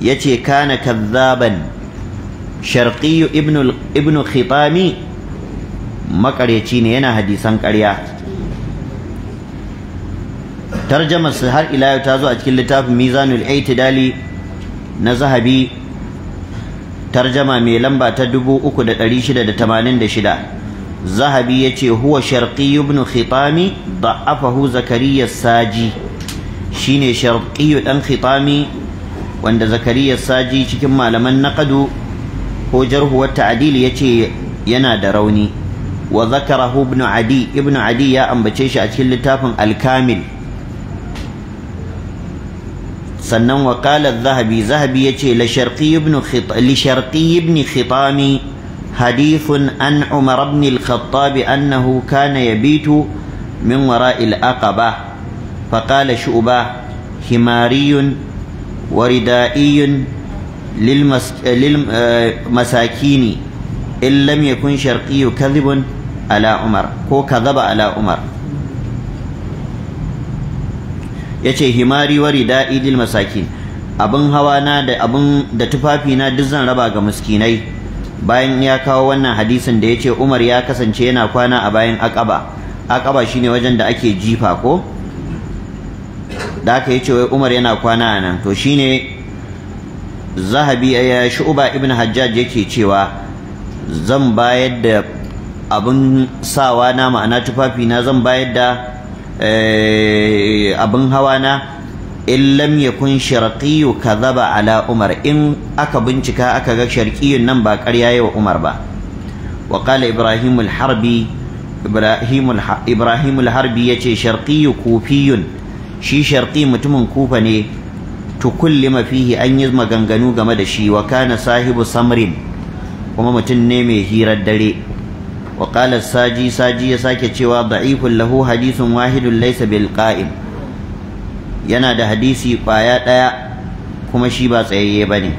yace kana kazzaban sharqiyu ibnu ibnu khitami makareci ne yana hadisan ƙarya tarjamar har ila yau ta zo a cikin littafin mizanul aitidali na zahabi tarjama mai lamba ta shida zahabi yace huwa sharqi ibn khitami da'afahu zakariya saji shine sharqi dan khitami wanda zakariya saji cikin malaman naqadu ko jarhu wa ta'dil yace yana da rauni wa zakarahu ibn adi ibn adi ya ambace shi a cikin littafin alkamil. sannan wa zahabi zahabi yace la sharqi li sharqi ibn khitami hadithun an umar ibn al-khattab annahu kana yabitu min wara'i al-aqaba fa qala shu'ba himariyun warida'iyun للمساكين eh, in لم يكن شرقي كذب على عمر كو كذب على عمر ya ce himari wari da idil masakin abin hawa na da abin da tufafi na duk zan raba ga miskinai bayan ya kawo wannan hadisin da ya ce Umar ya kasance yana kwana a bayan akaba akaba shine wajen da ake jifa ko da aka yi wai Umar yana kwana a nan to shine Zahabi ya eh, uba ibn Hajjaj yake cewa zan bayar da abin sawa na ma'ana tufafi na zan bayar da Eh, abin hawa na in lam yakun sharqiyyu kadhaba ala umar in aka bincika aka ga sharqiyyun nan ba ƙarya wa umar ba wa qala ibrahim al-harbi ibrahim ibrahim yace sharqiyyu kufiyun shi sharqi mutumin kufa ne tukullima fihi an yi maganganu game da shi wa kana sahibu samrin kuma mutum ne mai hirar dare wa qala saji saji ya sake cewa da'ifun lahu hadisin wahidun laysa bil qa'im yana da hadisi baya daya kuma shi ba tsayayye ba ne.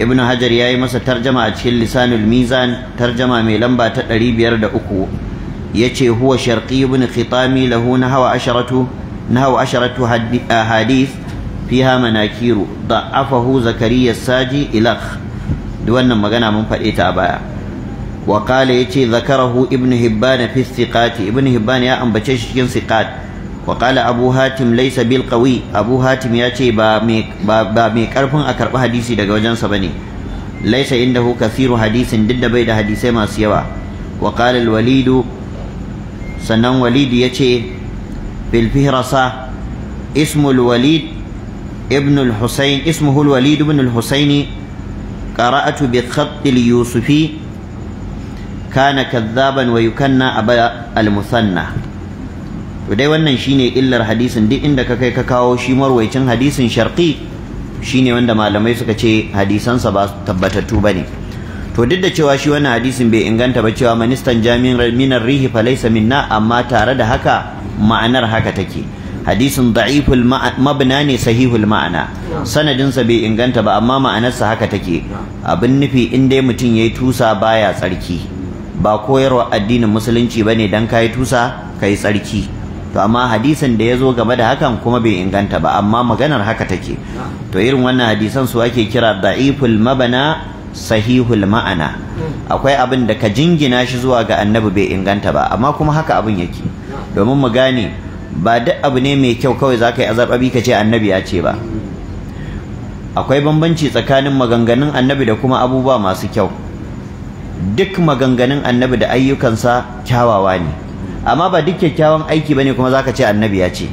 ibnu hajar yayi masa tarjama a cikin lisanul mizan tarjama mai lamba ta ɗari biyar 503 yace huwa sharqi ibn khitami lahu nahwa asharatu nahwa asharatu hadith fiha manakiru da'afahu zakariya saji ilakh duk wannan magana mun faɗe ta a baya wa qala yace zakarahu ibnu hibban fi thiqat ibn hibban ya ambace shi cikin thiqat wa qala abu hatim laysa bil abu hatim yace ba ba mai karfin a karbi hadisi daga wajensa bane laysa indahu kathiru hadisin duk da bai da hadisai masu yawa wa qala al sannan walid yace قرأت اليوسفي kana kazzaban wa yukanna aba al-musanna to dai wannan shine illar hadisin duk inda ka kai ka kawo shi marwaicin hadisin sharqi shine wanda malamai suka ce hadisansa ba tabbatattu bane to duk da cewa shi wannan hadisin bai inganta ba cewa Ministan jami'in minar rihi fa laysa minna amma tare da haka ma'anar haka take hadisin da'iful mabna ne sahihul ma'ana sanadinsa bai inganta ba amma ma'anarsa haka take abin nufi in dai mutum yayi tusa baya tsarki ba koyarwa addinin musulunci bane dan kai tusa kai tsarki to amma hadisin da ya zo game da hakan kuma bai inganta ba amma maganar haka take to irin wannan hadisan su ake kira da'iful mabana sahihul ma'ana akwai abin da ka jingina shi zuwa ga annabi bai inganta ba amma kuma haka abin yake domin mu gane ba duk abu ne mai kyau kawai zaka yi azarbabi ka ce annabi ya ce ba akwai bambanci tsakanin maganganun annabi da kuma abubuwa masu kyau duk maganganun annabi da ayyukansa kyawawa ne amma ba duk kyakkyawan aiki bane kuma zaka ce annabi ya ce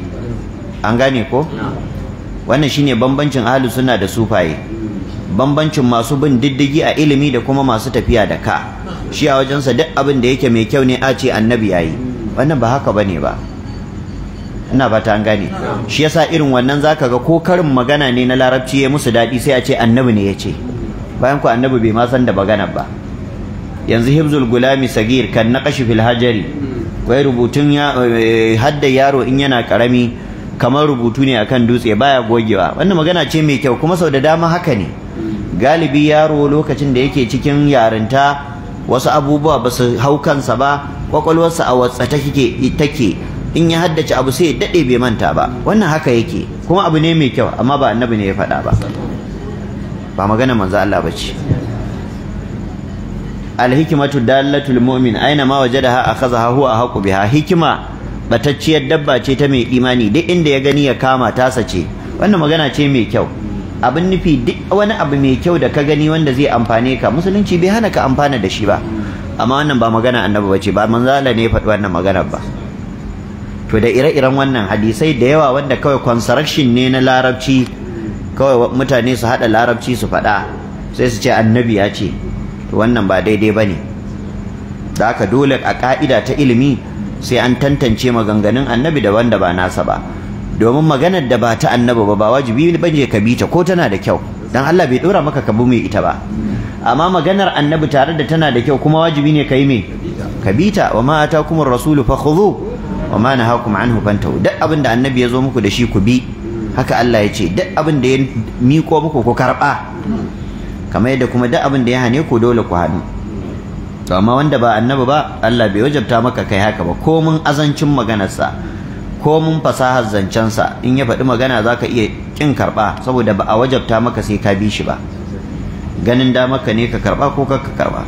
an gane ko wannan shine bambancin ahlu sunna da sufaye bambancin masu bin diddigi a ilimi da kuma masu tafiya da ka shi a wajensa duk abin da yake mai kyau ne a ce annabi ya yi. wannan ba haka bane ba ina fata an gane shi yasa irin wannan zaka ga ko karin magana ne na larabci ya musu daɗi sai a ce annabi ne ya ce bayan ku annabi bai ma san da magana ba yanzu hibzul gulami sagir kan naqashi fil hajari wai rubutun ya eh, hadda yaro in yana karami kamar rubutu ne akan dutse baya gogewa wannan magana ce mai kyau kuma sau da dama haka ne galibi yaro lokacin da yake cikin yarinta wasu abubuwa ba su hau kansa ba kwakwalwarsa a watsa take take in ya haddace abu sai ya dade bai manta ba wannan haka yake kuma abu ne mai kyau amma ba annabi ne ya faɗa ba ba magana manzo Allah bace alhikimatu dalatul mu'min aina ma wajadaha akhazaha huwa ahqu biha hikima batacciyar dabba ce ta mai imani duk inda ya gani ya kama ta sace wannan magana ce mai kyau abin nufi duk wani abu mai kyau da ka gani wanda zai amfane ka musulunci bai hana ka amfana da shi ba amma wannan ba magana annabi ba ce ba manzala ne faɗi wannan magana ba to da ire-iren wannan hadisai da yawa wanda kawai construction ne na larabci kawai mutane su haɗa larabci su faɗa sai su ce annabi ya ce wannan ba daidai ba ne. da aka dole a ka'ida ta ilimi sai an tantance maganganun annabi da wanda ba nasa ba domin maganar da ba ta annabi ba ba wajibi bane ka bi ta ko tana da kyau dan Allah bai dora maka ka bi mai ita ba amma maganar annabi tare da tana da kyau kuma wajibi ne ka yi me ka bi ta wa ma atakumur rasul khudhu wa ma nahakum anhu fantahu duk abin da annabi ya zo muku da shi ku bi haka Allah ya ce duk abin da ya miko muku ku karba kamar yadda kuma duk abin da ya hane ku dole ku haɗu to amma wanda ba annabi ba Allah bai wajabta maka kai haka ba ko mun azancin maganarsa ko mun fasahar zancensa in ya faɗi magana zaka iya kin karba saboda ba a wajabta maka sai ka bi shi ba ganin da maka ne ka karɓa ko ka karɓa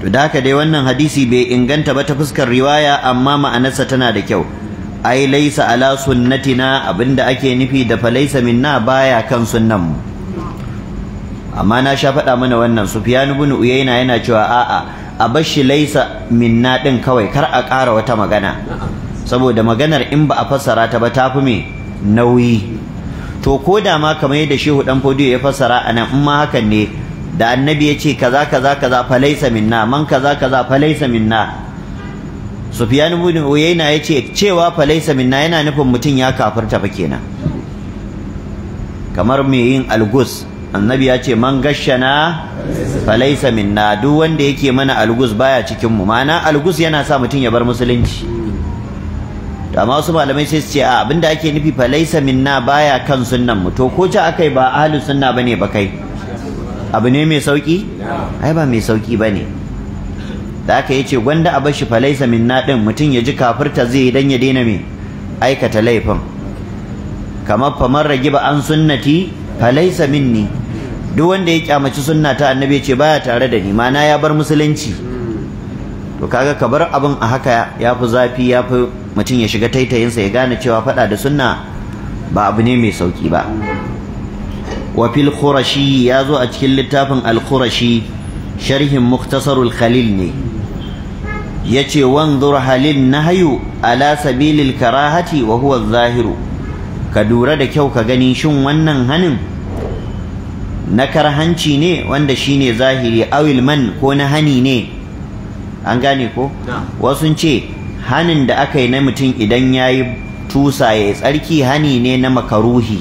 to da haka dai wannan hadisi bai inganta ba ta fuskar riwaya amma ma'anarsa tana da kyau ai laisa ala sunnatina abinda ake nufi da fa minna baya kan sunnan mu amma na sha faɗa mana wannan Sufyan ibn Uyayna yana cewa a'a a bashi laisa minna din kawai kar a ƙara wata magana saboda maganar in ba a fassara ta ba ta fi me nauyi to ko da ma kamar yadda Shehu dan Fodiyo ya fassara anan in ma hakan ne da annabi ya ce kaza kaza kaza fa laisa minna man kaza kaza fa laisa minna Sufyan ibn Uyayna yace cewa fa laisa minna yana nufin mutum ya kafirta fa kenan kamar me yin algus annabi ya ce man gashana falaysa minna duk wanda yake mana algus baya cikin mu ma'ana algus yana sa mutum ya bar musulunci amma masu malamai sai su ce a abinda ake nufi falaysa minna baya kan sunnan mu to ko ta akai ba ahli sunna bane ba kai abu ne mai sauki ai ba mai sauki bane da aka yace gwanda a bashi falaysa minna din mutum ya ji kafirta zai dan ya daina me aikata laifin kamar famar ragiba an sunnati falaisamin ne. duk wanda ya kyamaci sunna ta annabi ce baya tare da ni mana ya bar musulunci to kaga ka bar abin a haka ya fi zafi ya fi mutum ya shiga taitayinsa ya gane cewa faɗa da sunna ba abu ne mai sauki ba wa fil khurashi ya zo a cikin littafin al khurashi sharhin muktasarul khalil ne Ya yace wanzur halin nahyu ala sabilil karahati wa huwa zahiru ka dura da kyau ka gani shin wannan hanin na hanci ne wanda shine zahiri awil man ko na hani ne an gane ko wasu ce hanin da aka yi na mutum idan ya yi tusa ya tsarki hani ne na makaruhi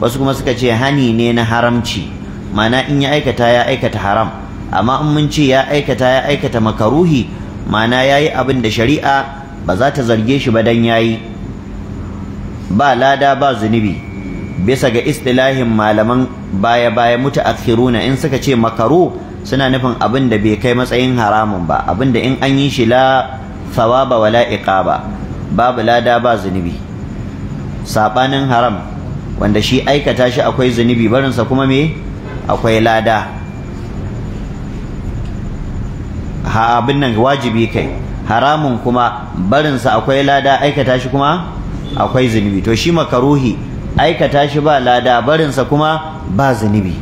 wasu kuma suka ce hani ne na haramci mana in ya aikata ya aikata haram amma in mun ce ya aikata ya aikata makaruhi mana ya yi abin da shari'a ba za ta zarge shi ba dan ya yi ba lada ba zunubi bisa ga istilahin malaman baya-baya mutaakhiruna in suka ce makaru suna nufin abin da bai kai matsayin haramun ba abin da in an yi shi la thawaba wala iqaba babu lada ba zunubi sabanin haram wanda shi aikata shi akwai zunubi barinsa kuma me akwai lada ha abin nan wajibi kai haramun kuma barinsa akwai lada aikata shi kuma akwai zunubi to shi makaruhi aikata shi ba lada barinsa kuma ba zunubi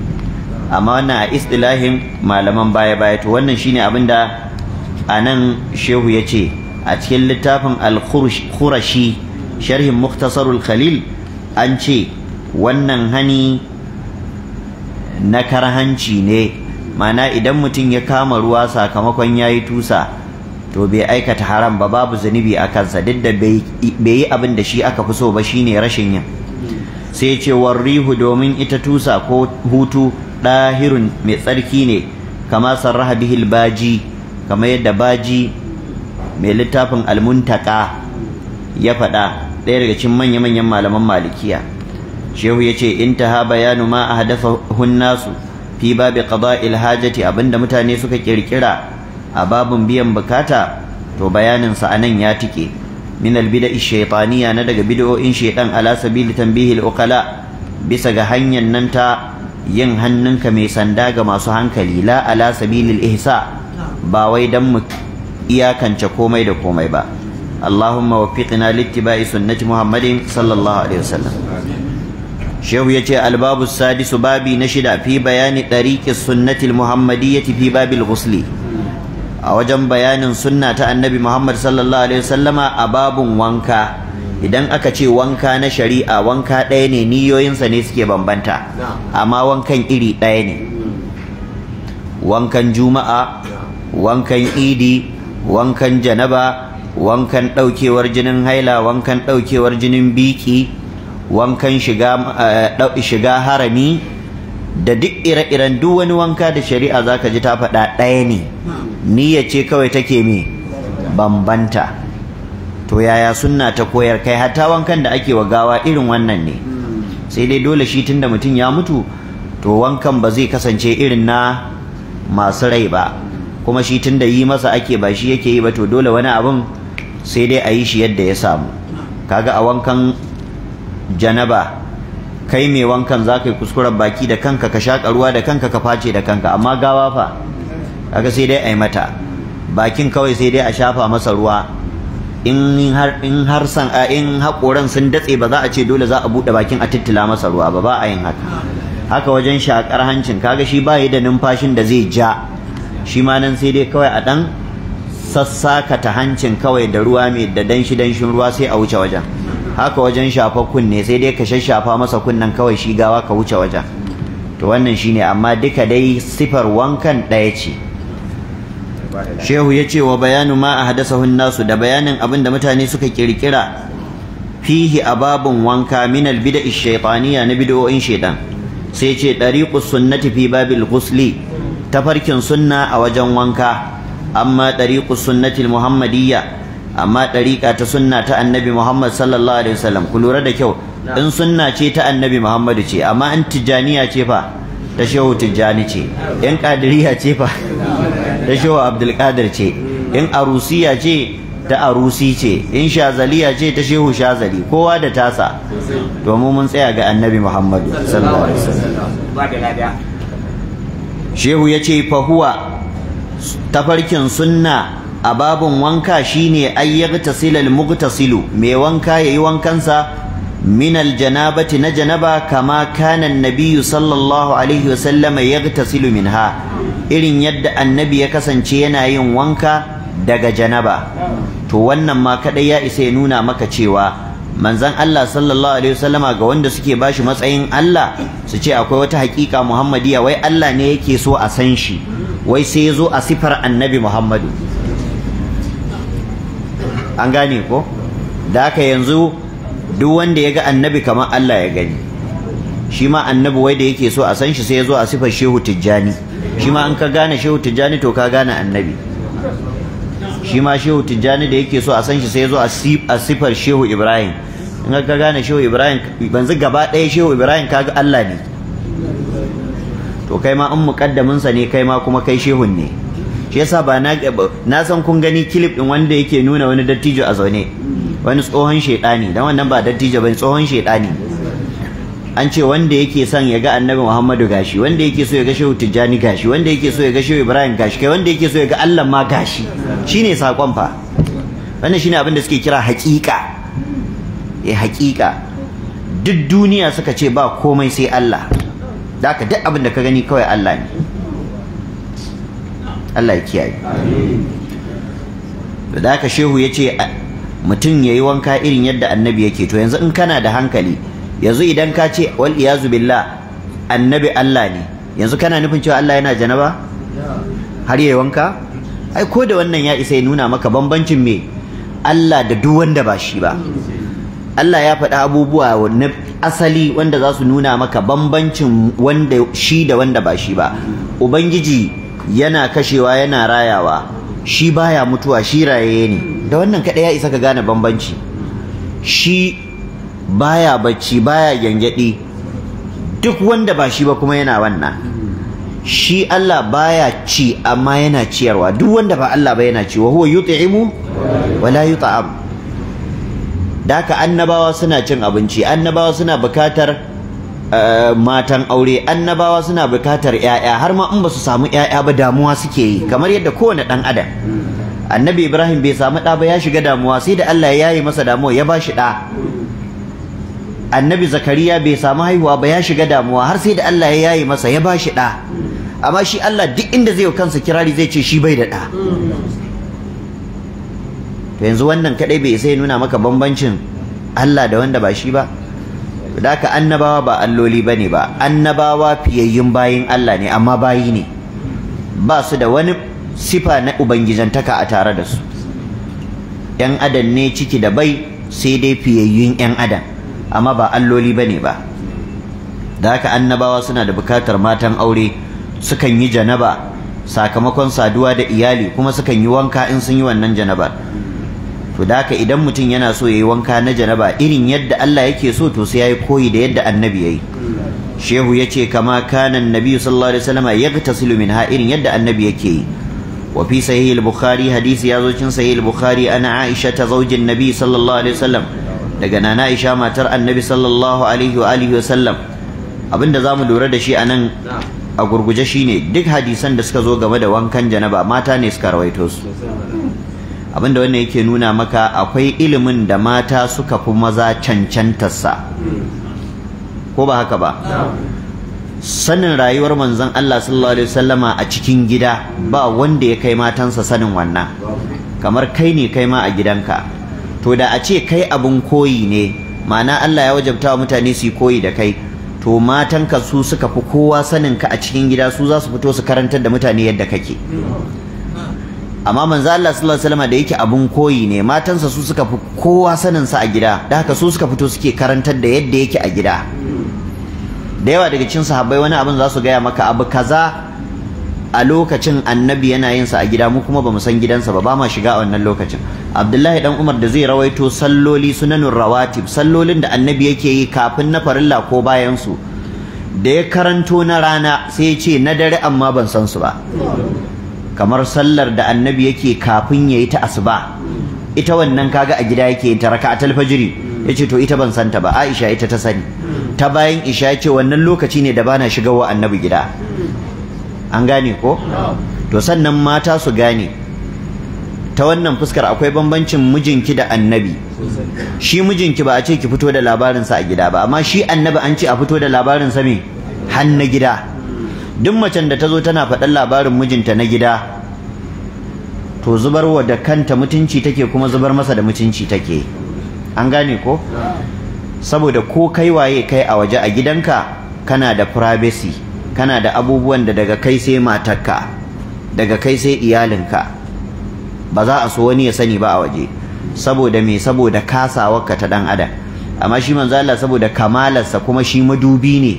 amma wannan a istilahin malaman baya baya to wannan shine abin da anan shehu ya ce a cikin littafin al-khurashi sharhin muktasarul khalil an ce wannan hani na karhanci ne mana idan mutum ya kama ruwa sakamakon ya yi tusa to bai aikata haram ba babu zunubi a kansa duk da bai yi abin da shi aka fi so ba shine rashin yin sai ce warrihu domin ita tusa ko hutu ɗahirun mai tsarki ne kama sarraha bihil baji kama yadda baji mai littafin almuntaka ya faɗa ɗaya daga cikin manya-manyan malaman malikiya shehu ya ce in ta bayanu ma a hadafa hunnasu fi babi qada'il hajati abinda mutane suka ƙirƙira a babin biyan bukata to bayaninsa anan ya tike min albida shaytaniya na daga bid'o'in shaytan ala sabili tanbihil uqala bisa ga hanyar nan ta yin hannunka mai sanda ga masu hankali la ala sabilil ihsa ba wai dan mu iyakance komai da komai ba Allahumma waffiqna littiba'i sunnati Muhammadin sallallahu alaihi ya ce albabu sadisu babi na shida fi bayani ɗariƙin sunnatil muhammadiyyati fi babil gusli. a wajen bayanin sunna ta annabi Muhammad sallallahu alaihi wasallama a babun wanka idan aka ce wanka na shari'a wanka ɗaya ne niyoyinsa ne suke bambanta amma wankan iri ɗaya ne wankan juma'a wankan idi wankan janaba wankan ɗaukewar jinin haila wankan ɗaukewar jinin biki wankan shiga eh, harami da duk ire-iren duk wani wanka da shari'a zaka ji ta faɗa ɗaya ne niyya ce kawai take me bambanta to yaya sunna ta koyar kai hatta wankan da ake wa gawa irin wannan ne sai dai dole shi tunda mutum ya mutu to wankan ba zai kasance irin na masu rai ba kuma shi tunda yi masa ake ba shi yake yi ba to dole wani abun sai dai a yi shi yadda ya samu kaga a wankan janaba kai mai wankan za ka yi kuskuren baki da kanka ka shaƙa ruwa da kanka ka face da kanka amma gawa fa kaga sai dai a yi mata bakin kawai sai dai a shafa masa ruwa in har in har in haƙoran sun datse ba za a ce dole za a buɗe bakin a tittila masa ruwa ba ba a yin haka haka wajen shaƙar hancin kaga shi ba yi da numfashin da zai ja shi ma nan sai dai kawai a ɗan sassaka ta hancin kawai da ruwa mai da danshi danshin ruwa sai a wuce wajen haka wajen shafa kunne sai dai ka shashafa masa kunnen kawai shi gawa ka wuce wajen to wannan shine amma duka dai sifar wankan daya ce shehu ya ce wa bayanu ma a hadasa nasu da bayanin abin da mutane suka kirkira fihi ababun wanka min albida shaytaniya na bid'o'in shaytan sai ce dariqus sunnati fi babil ghusli tafarkin sunna a wajen wanka amma dariqus sunnati muhammadiyya amma ɗariƙa ta sunna ta annabi Muhammad sallallahu alaihi wasallam ku lura da kyau in sunna ce ta annabi Muhammadu ce amma in tijaniya ce fa ta shehu tijani ce in ƙadiriya ce fa ta shehu abdulkadir ce in arusiya ce ta arusi ce in shazaliya ce ta shehu shazali kowa da tasa domin mun tsaya ga annabi Muhammadu sallallahu alaihi wasallam shehu yace fa huwa tafarkin sunna a babun wanka shine ayyaghtasila almughtasilu mai wanka yayi wankansa min aljanabati na janaba kama Kanan annabiyyu sallallahu alaihi wasallama min minha irin yadda annabi ya kasance yana yin wanka daga janaba to wannan ma kadai ya isa ya nuna maka cewa manzan Allah sallallahu alaihi wasallama ga wanda suke bashi matsayin Allah su ce akwai wata hakika Muhammadiya wai Allah ne yake so a san shi wai sai ya zo a sifar Annabi Muhammadu an gane ko da haka yanzu duk wanda ya ga annabi kamar Allah ya gani shi ma annabi wai da yake so a san shi sai ya zo a sifar shehu tijjani shi ma an ka gane shehu tijjani to ka gane annabi shi ma shehu tijjani da yake so a san shi sai ya zo a sifar shehu ibrahim in ka gane shehu ibrahim banzu gaba ɗaya shehu ibrahim ka ga Allah ne to kai ma in muƙaddaminsa ne kai ma kuma kai shehun ne shi yasa ba na na san kun gani clip din wanda yake nuna wani dattijo a zaune wani tsohon shedani dan wannan ba dattijo bane tsohon shedani an ce wanda yake son ya ga annabi Muhammadu gashi wanda yake so ya ga Shehu Tijjani gashi wanda yake so ya ga Shehu Ibrahim gashi kai wanda yake so ya ga Allah ma gashi shine sakon fa wannan shine abin da suke kira hakika eh hakika duk duniya suka ce ba komai sai Allah da haka duk abin da ka gani kawai Allah ne Allah ya kiyaye da haka shehu yace ce mutum ya wanka irin yadda annabi yake to yanzu in kana da hankali yanzu idan ka ce wal iyazu billah annabi Allah ne yanzu kana nufin cewa Allah yana janaba har yayi wanka ai ko da wannan ya isa ya nuna maka bambancin me Allah da duk wanda ba shi ba Allah ya faɗa abubuwa na asali wanda za su nuna maka bambancin wanda shi da wanda ba shi ba ubangiji yana kashewa yana rayawa shi baya mutuwa shi rayaye ne da wannan kada ya isa ka gane bambanci shi baya bacci baya gyangyaɗi duk wanda ba shi ba kuma yana wannan shi Allah baya ci amma yana ciyarwa duk wanda ba Allah ba yana ci wa huwa yut'imu wala yut'am da haka annabawa suna cin abinci annabawa suna bukatar Eh, matan aure annabawa suna bukatar yaya har ma in ba su samu yaya ba damuwa suke yi kamar yadda kowane dan adam annabi ibrahim bai samu ɗa ba ya shiga damuwa sai da allah ya yi masa damuwa ya ba shi ɗa annabi zakariya bai samu haihuwa ba ya shiga damuwa har sai da allah ya yi masa ya ba shi ɗa amma shi allah duk inda zai kansa kirari zai ce shi bai da ɗa yanzu wannan kadai bai sai nuna maka bambancin allah da wanda ba shi ba Daka annabawa ba alloli ne ba annabawa fiyayyun bayin Allah ne amma bayi ne ba su da wani sifa na ubangijantaka a tare da su yan adam ne ciki da bai sai dai fiyayyun yan adam amma ba alloli ne ba da annabawa suna da bukatar matan aure sukan yi janaba sakamakon saduwa da iyali kuma sukan yi wanka in sun yi wannan janabar to da haka idan mutum yana so ya yi wanka na janaba irin yadda Allah yake so to sai yayi koyi da yadda annabi yayi shehu ya ce kama kanan nabi sallallahu alaihi tasilu min ha irin yadda annabi yake yi wa fi sahih al-bukhari hadisi yazo cin sahih al-bukhari ana aisha ta zaujin nabi sallallahu alaihi wasallam daga nana aisha matar annabi sallallahu alaihi wa alihi wasallam abinda zamu lura da shi anan a gurguje shine duk hadisan da suka zo game da wankan janaba mata ne suka rawaito su abinda wannan yake nuna maka akwai ilimin da mata suka fi maza cancantarsa ko ba haka ba sanin rayuwar manzon Allah sallallahu alaihi wasallama a cikin gida ba wanda ya kai matansa sanin wannan kamar kai ne kai ma a gidanka to da a ce kai abun koyi ne ma'ana Allah ya wajabta wa mutane su koyi da kai to matanka su suka fi kowa sanin ka a cikin gida su za su fito su karantar da mutane yadda kake amma manzo Allah sallallahu alaihi wasallam da yake abun koyi ne matansa su suka fi kowa sanin sa a gida da haka su suka fito suke karantar da yadda yake a gida da yawa daga cikin sahabbai wani abin za su gaya maka abu kaza a lokacin annabi yana yin sa a gida mu kuma bamu san gidansa ba ba ma shiga a wannan lokacin Abdullahi dan Umar da zai rawaito salloli sunanun rawatib sallolin da annabi yake yi kafin na farilla ko bayan su da ya karanto na rana sai ya ce na dare amma ban san su ba kamar sallar da annabi yake kafin yayi ta asuba ita wannan kaga a gida yake ta raka'atul fajri yace to ita ban santa ba Aisha ita ta sani ta bayan Isha yace wannan lokaci ne da bana shiga wa annabi gida an gane ko to sannan mata su gane ta wannan fuskar akwai bambancin mijinki da annabi shi mijinki ba a ce ki fito da labarinsa a gida ba amma shi annabi an ce a fito da labarinsa me har gida duk macen da tazo tana faɗan labarin mijinta na gida to zubarwa da kanta mutunci take kuma zubar masa da mutunci take an gane ko saboda ko kai waye kai a waje a gidanka kana da privacy kana da abubuwan da daga kai sai matarka daga kai sai iyalinka ba za a so wani ya sani ba a waje saboda me saboda kasawarka ta dan adam amma shi manzo Allah saboda kamalarsa kuma shi madubi ne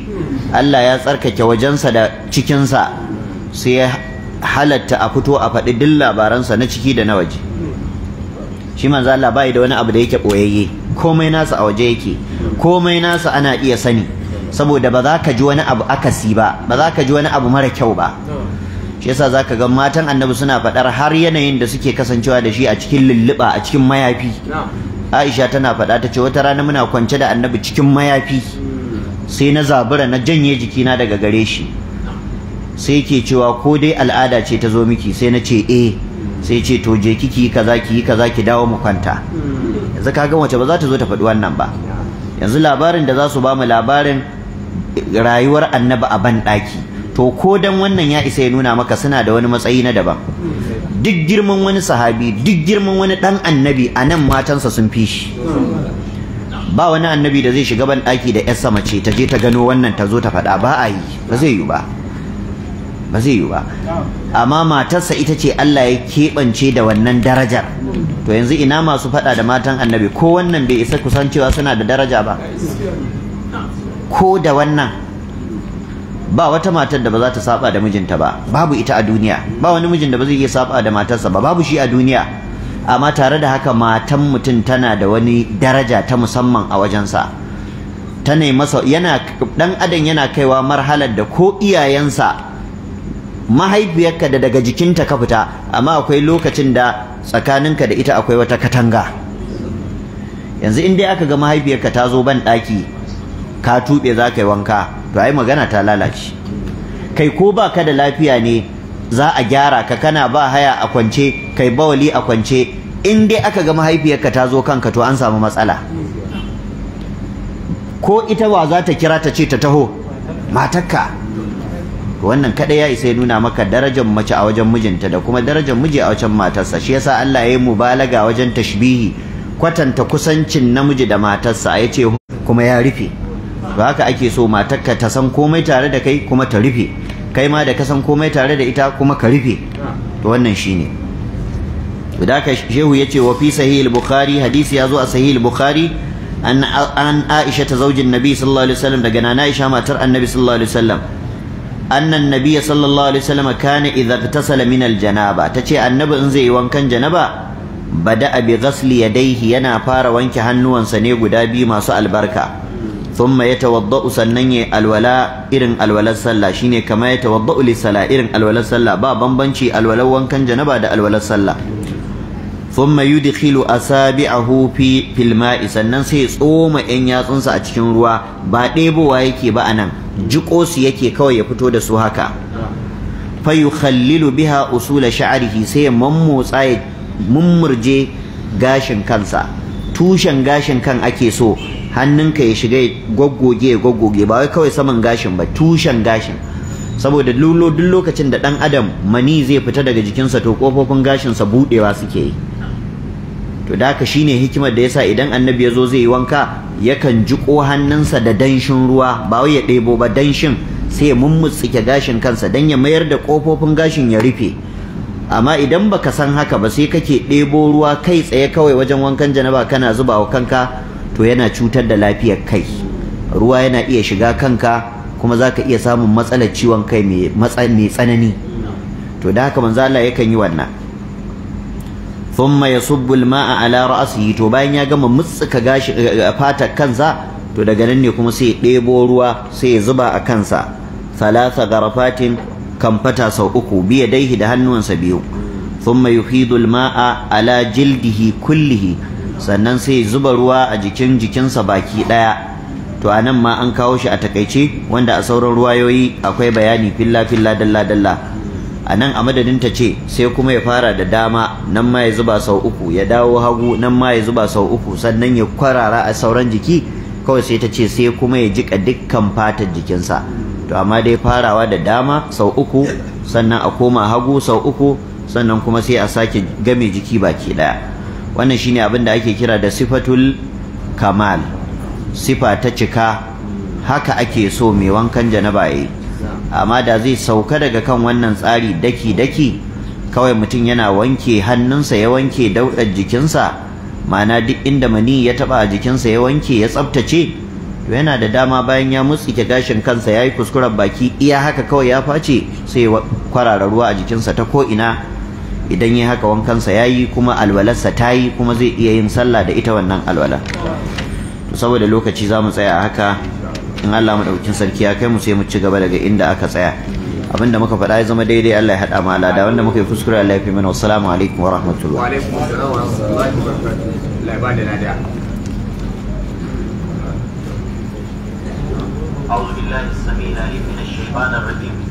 Allah ya tsarkake wajensa da cikinsa sai ya halatta a fito a faɗi duk labaransa na ciki da na waje shi manzo Allah bai da wani abu da yake boyayye komai nasa a waje yake komai nasa ana iya sani saboda ba za ka ji wani abu akasi ba ba za ka ji wani abu mara kyau ba shi yasa zaka ga matan annabi suna faɗar har yanayin da suke kasancewa da shi a cikin lulluɓa a cikin mayafi Aisha tana faɗa ta ce wata rana muna kwance da Annabi cikin mayafi sai na zabura na janye jiki na daga gare shi sai ke cewa ko dai al'ada ce ta zo miki sai na ce eh sai ce to je kiki kaza ki kaza ki dawo mu kwanta yanzu ga wace ba za ta zo ta faɗi wannan ba yanzu labarin da za su ba mu labarin rayuwar Annabi a ban daki to ko dan wannan ya isa ya nuna maka suna da wani matsayi na daban duk girman wani sahabi duk girman wani dan annabi a nan matansa sun fi shi ba wani annabi da zai shiga ban daki da yar mace ce ta je ta gano wannan ta zo ta faɗa ba a yi ba zai yi ba ba zai yi ba amma matarsa ita ce Allah ya keɓance da wannan daraja to yanzu ina masu faɗa da matan annabi ko wannan bai isa kusancewa suna da daraja ba ko da wannan ba wata matar da ba za ta saba da mijinta ba babu ita a duniya ba wani mijin da ba zai iya saba da matarsa ba babu shi a duniya amma tare da haka matan mutum tana da wani daraja ta musamman a wajensa ta ne masa yana dan adam yana kaiwa marhalar da ko iyayensa mahaifiyarka da daga jikinta ka fita amma akwai lokacin da tsakaninka da ita akwai wata katanga yanzu in dai aka ga mahaifiyarka ta zo ban daki ka tuɓe za ka yi wanka to ai magana ta lalace kai ko ba ka da lafiya ne za a gyara ka kana ba haya a kwance kai bawali a kwance in dai aka ga mahaifiyarka ta zo kanka to an samu matsala ko ita wa za ta kira ta ce ta taho matarka wannan kada ya isa ya nuna maka darajar mace a wajen mijinta da kuma darajar miji a wajen matarsa shi yasa Allah ya yi mubalaga wajen tashbihi kwatanta kusancin namiji da matarsa yace kuma ya rufe ba haka ake so matarka ta san komai tare da kai kuma ta rufe kai ma da ka san komai tare da ita kuma ka rufe to wannan shine da haka shehu yace wa fi sahih al-bukhari hadisi zo a sahih al-bukhari an an Aisha ta zaujin Nabi sallallahu alaihi wasallam daga nana Aisha matar Annabi sallallahu alaihi wasallam anna an-nabiy sallallahu alaihi wasallam kana idza iktasala min al-janaba tace annabi in zai yi wankan janaba bada bi ghasli yadayhi yana fara wanke hannuwansa ne guda biyu masu albarka thumma yatawaddau sannan yayi alwala irin alwalar sallah shine kama ya li sala irin alwalar sallah ba bambanci alwalar wankan janaba da alwalar sallah thumma yudkhilu asabi'ahu fi fil ma'i sannan sai tsoma yan yatsunsa a cikin ruwa ba ɗebowa yake ba anan jiko su yake kawai ya fito da su haka fayukhallilu biha usula sha'rihi sai mammotsa ya mummurje gashin kansa tushen gashin kan ake so hannunka ya shiga ya goggoge ya goggoge ba wai kawai saman gashin ba tushen gashin saboda lulo duk lokacin da dan adam mani zai fita daga jikinsa to kofofin gashin sa budewa suke yi to da haka shine hikimar da yasa idan annabi ya zo zai yi wanka yakan jiko hannunsa da danshin ruwa ba wai ya debo ba danshin sai ya mummutsike gashin kansa dan ya mayar da kofofin gashin ya rufe amma idan baka san haka ba sai kake debo ruwa kai tsaye kawai wajen wankan janaba kana zubawa kanka to yana cutar da lafiyar kai ruwa yana iya shiga kanka kuma zaka iya samun matsalar ciwon kai mai tsanani to da haka manzo Allah yakan yi wannan thumma yasubbu al-ma'a ala ra'sihi to bayan ya gama mutsuka gashi eh, fatar kansa to daga nan ne kuma sai ya ɗebo ruwa sai ya zuba a kansa salasa garafatin kamfata sau uku biya daihi da hannuwansa biyu thumma yuhidu al-ma'a ala jildihi kullihi sannan sai zuba ruwa a jikin jikinsa baki daya to anan ma an kawo shi a takaice wanda a sauran ruwayoyi akwai bayani filla filla dalla dalla anan a madadin ta ce sai kuma ya fara da dama nan ma ya zuba sau uku ya dawo hagu nan ma ya zuba sau uku sannan ya kwarara a sauran jiki kawai sai ta ce sai kuma ya jika dukkan fatar jikinsa to amma dai farawa da dama sau uku sannan a koma hagu sau uku sannan kuma sai a sake game jiki baki daya wannan shine abin da ake kira da sifatul kamal sifa ta cika haka ake so mai wankan janaba yayi amma da zai sauka daga kan wannan tsari daki daki kawai mutum yana wanke hannunsa ya wanke daudar jikinsa ma'ana duk inda mani ya taba a jikinsa ya wanke ya tsaftace to yana da dama bayan ya mutsike gashin kansa ya yi kuskuren baki iya haka kawai ya face sai kwarara ruwa a jikinsa ta ko ina idan yi haka wankansa ya yi kuma alwalarsa ta yi kuma zai iya yin sallah da ita wannan alwala to saboda lokaci za mu tsaya a haka in Allah maɗaukin sarki ya kai mu sai mu ci gaba daga inda aka tsaya abinda muka faɗa ya zama daidai Allah ya haɗa mu alada wanda muka yi kuskure Allah ya fi mana wassalamu alaikum wa alaikum wa rahmatullahi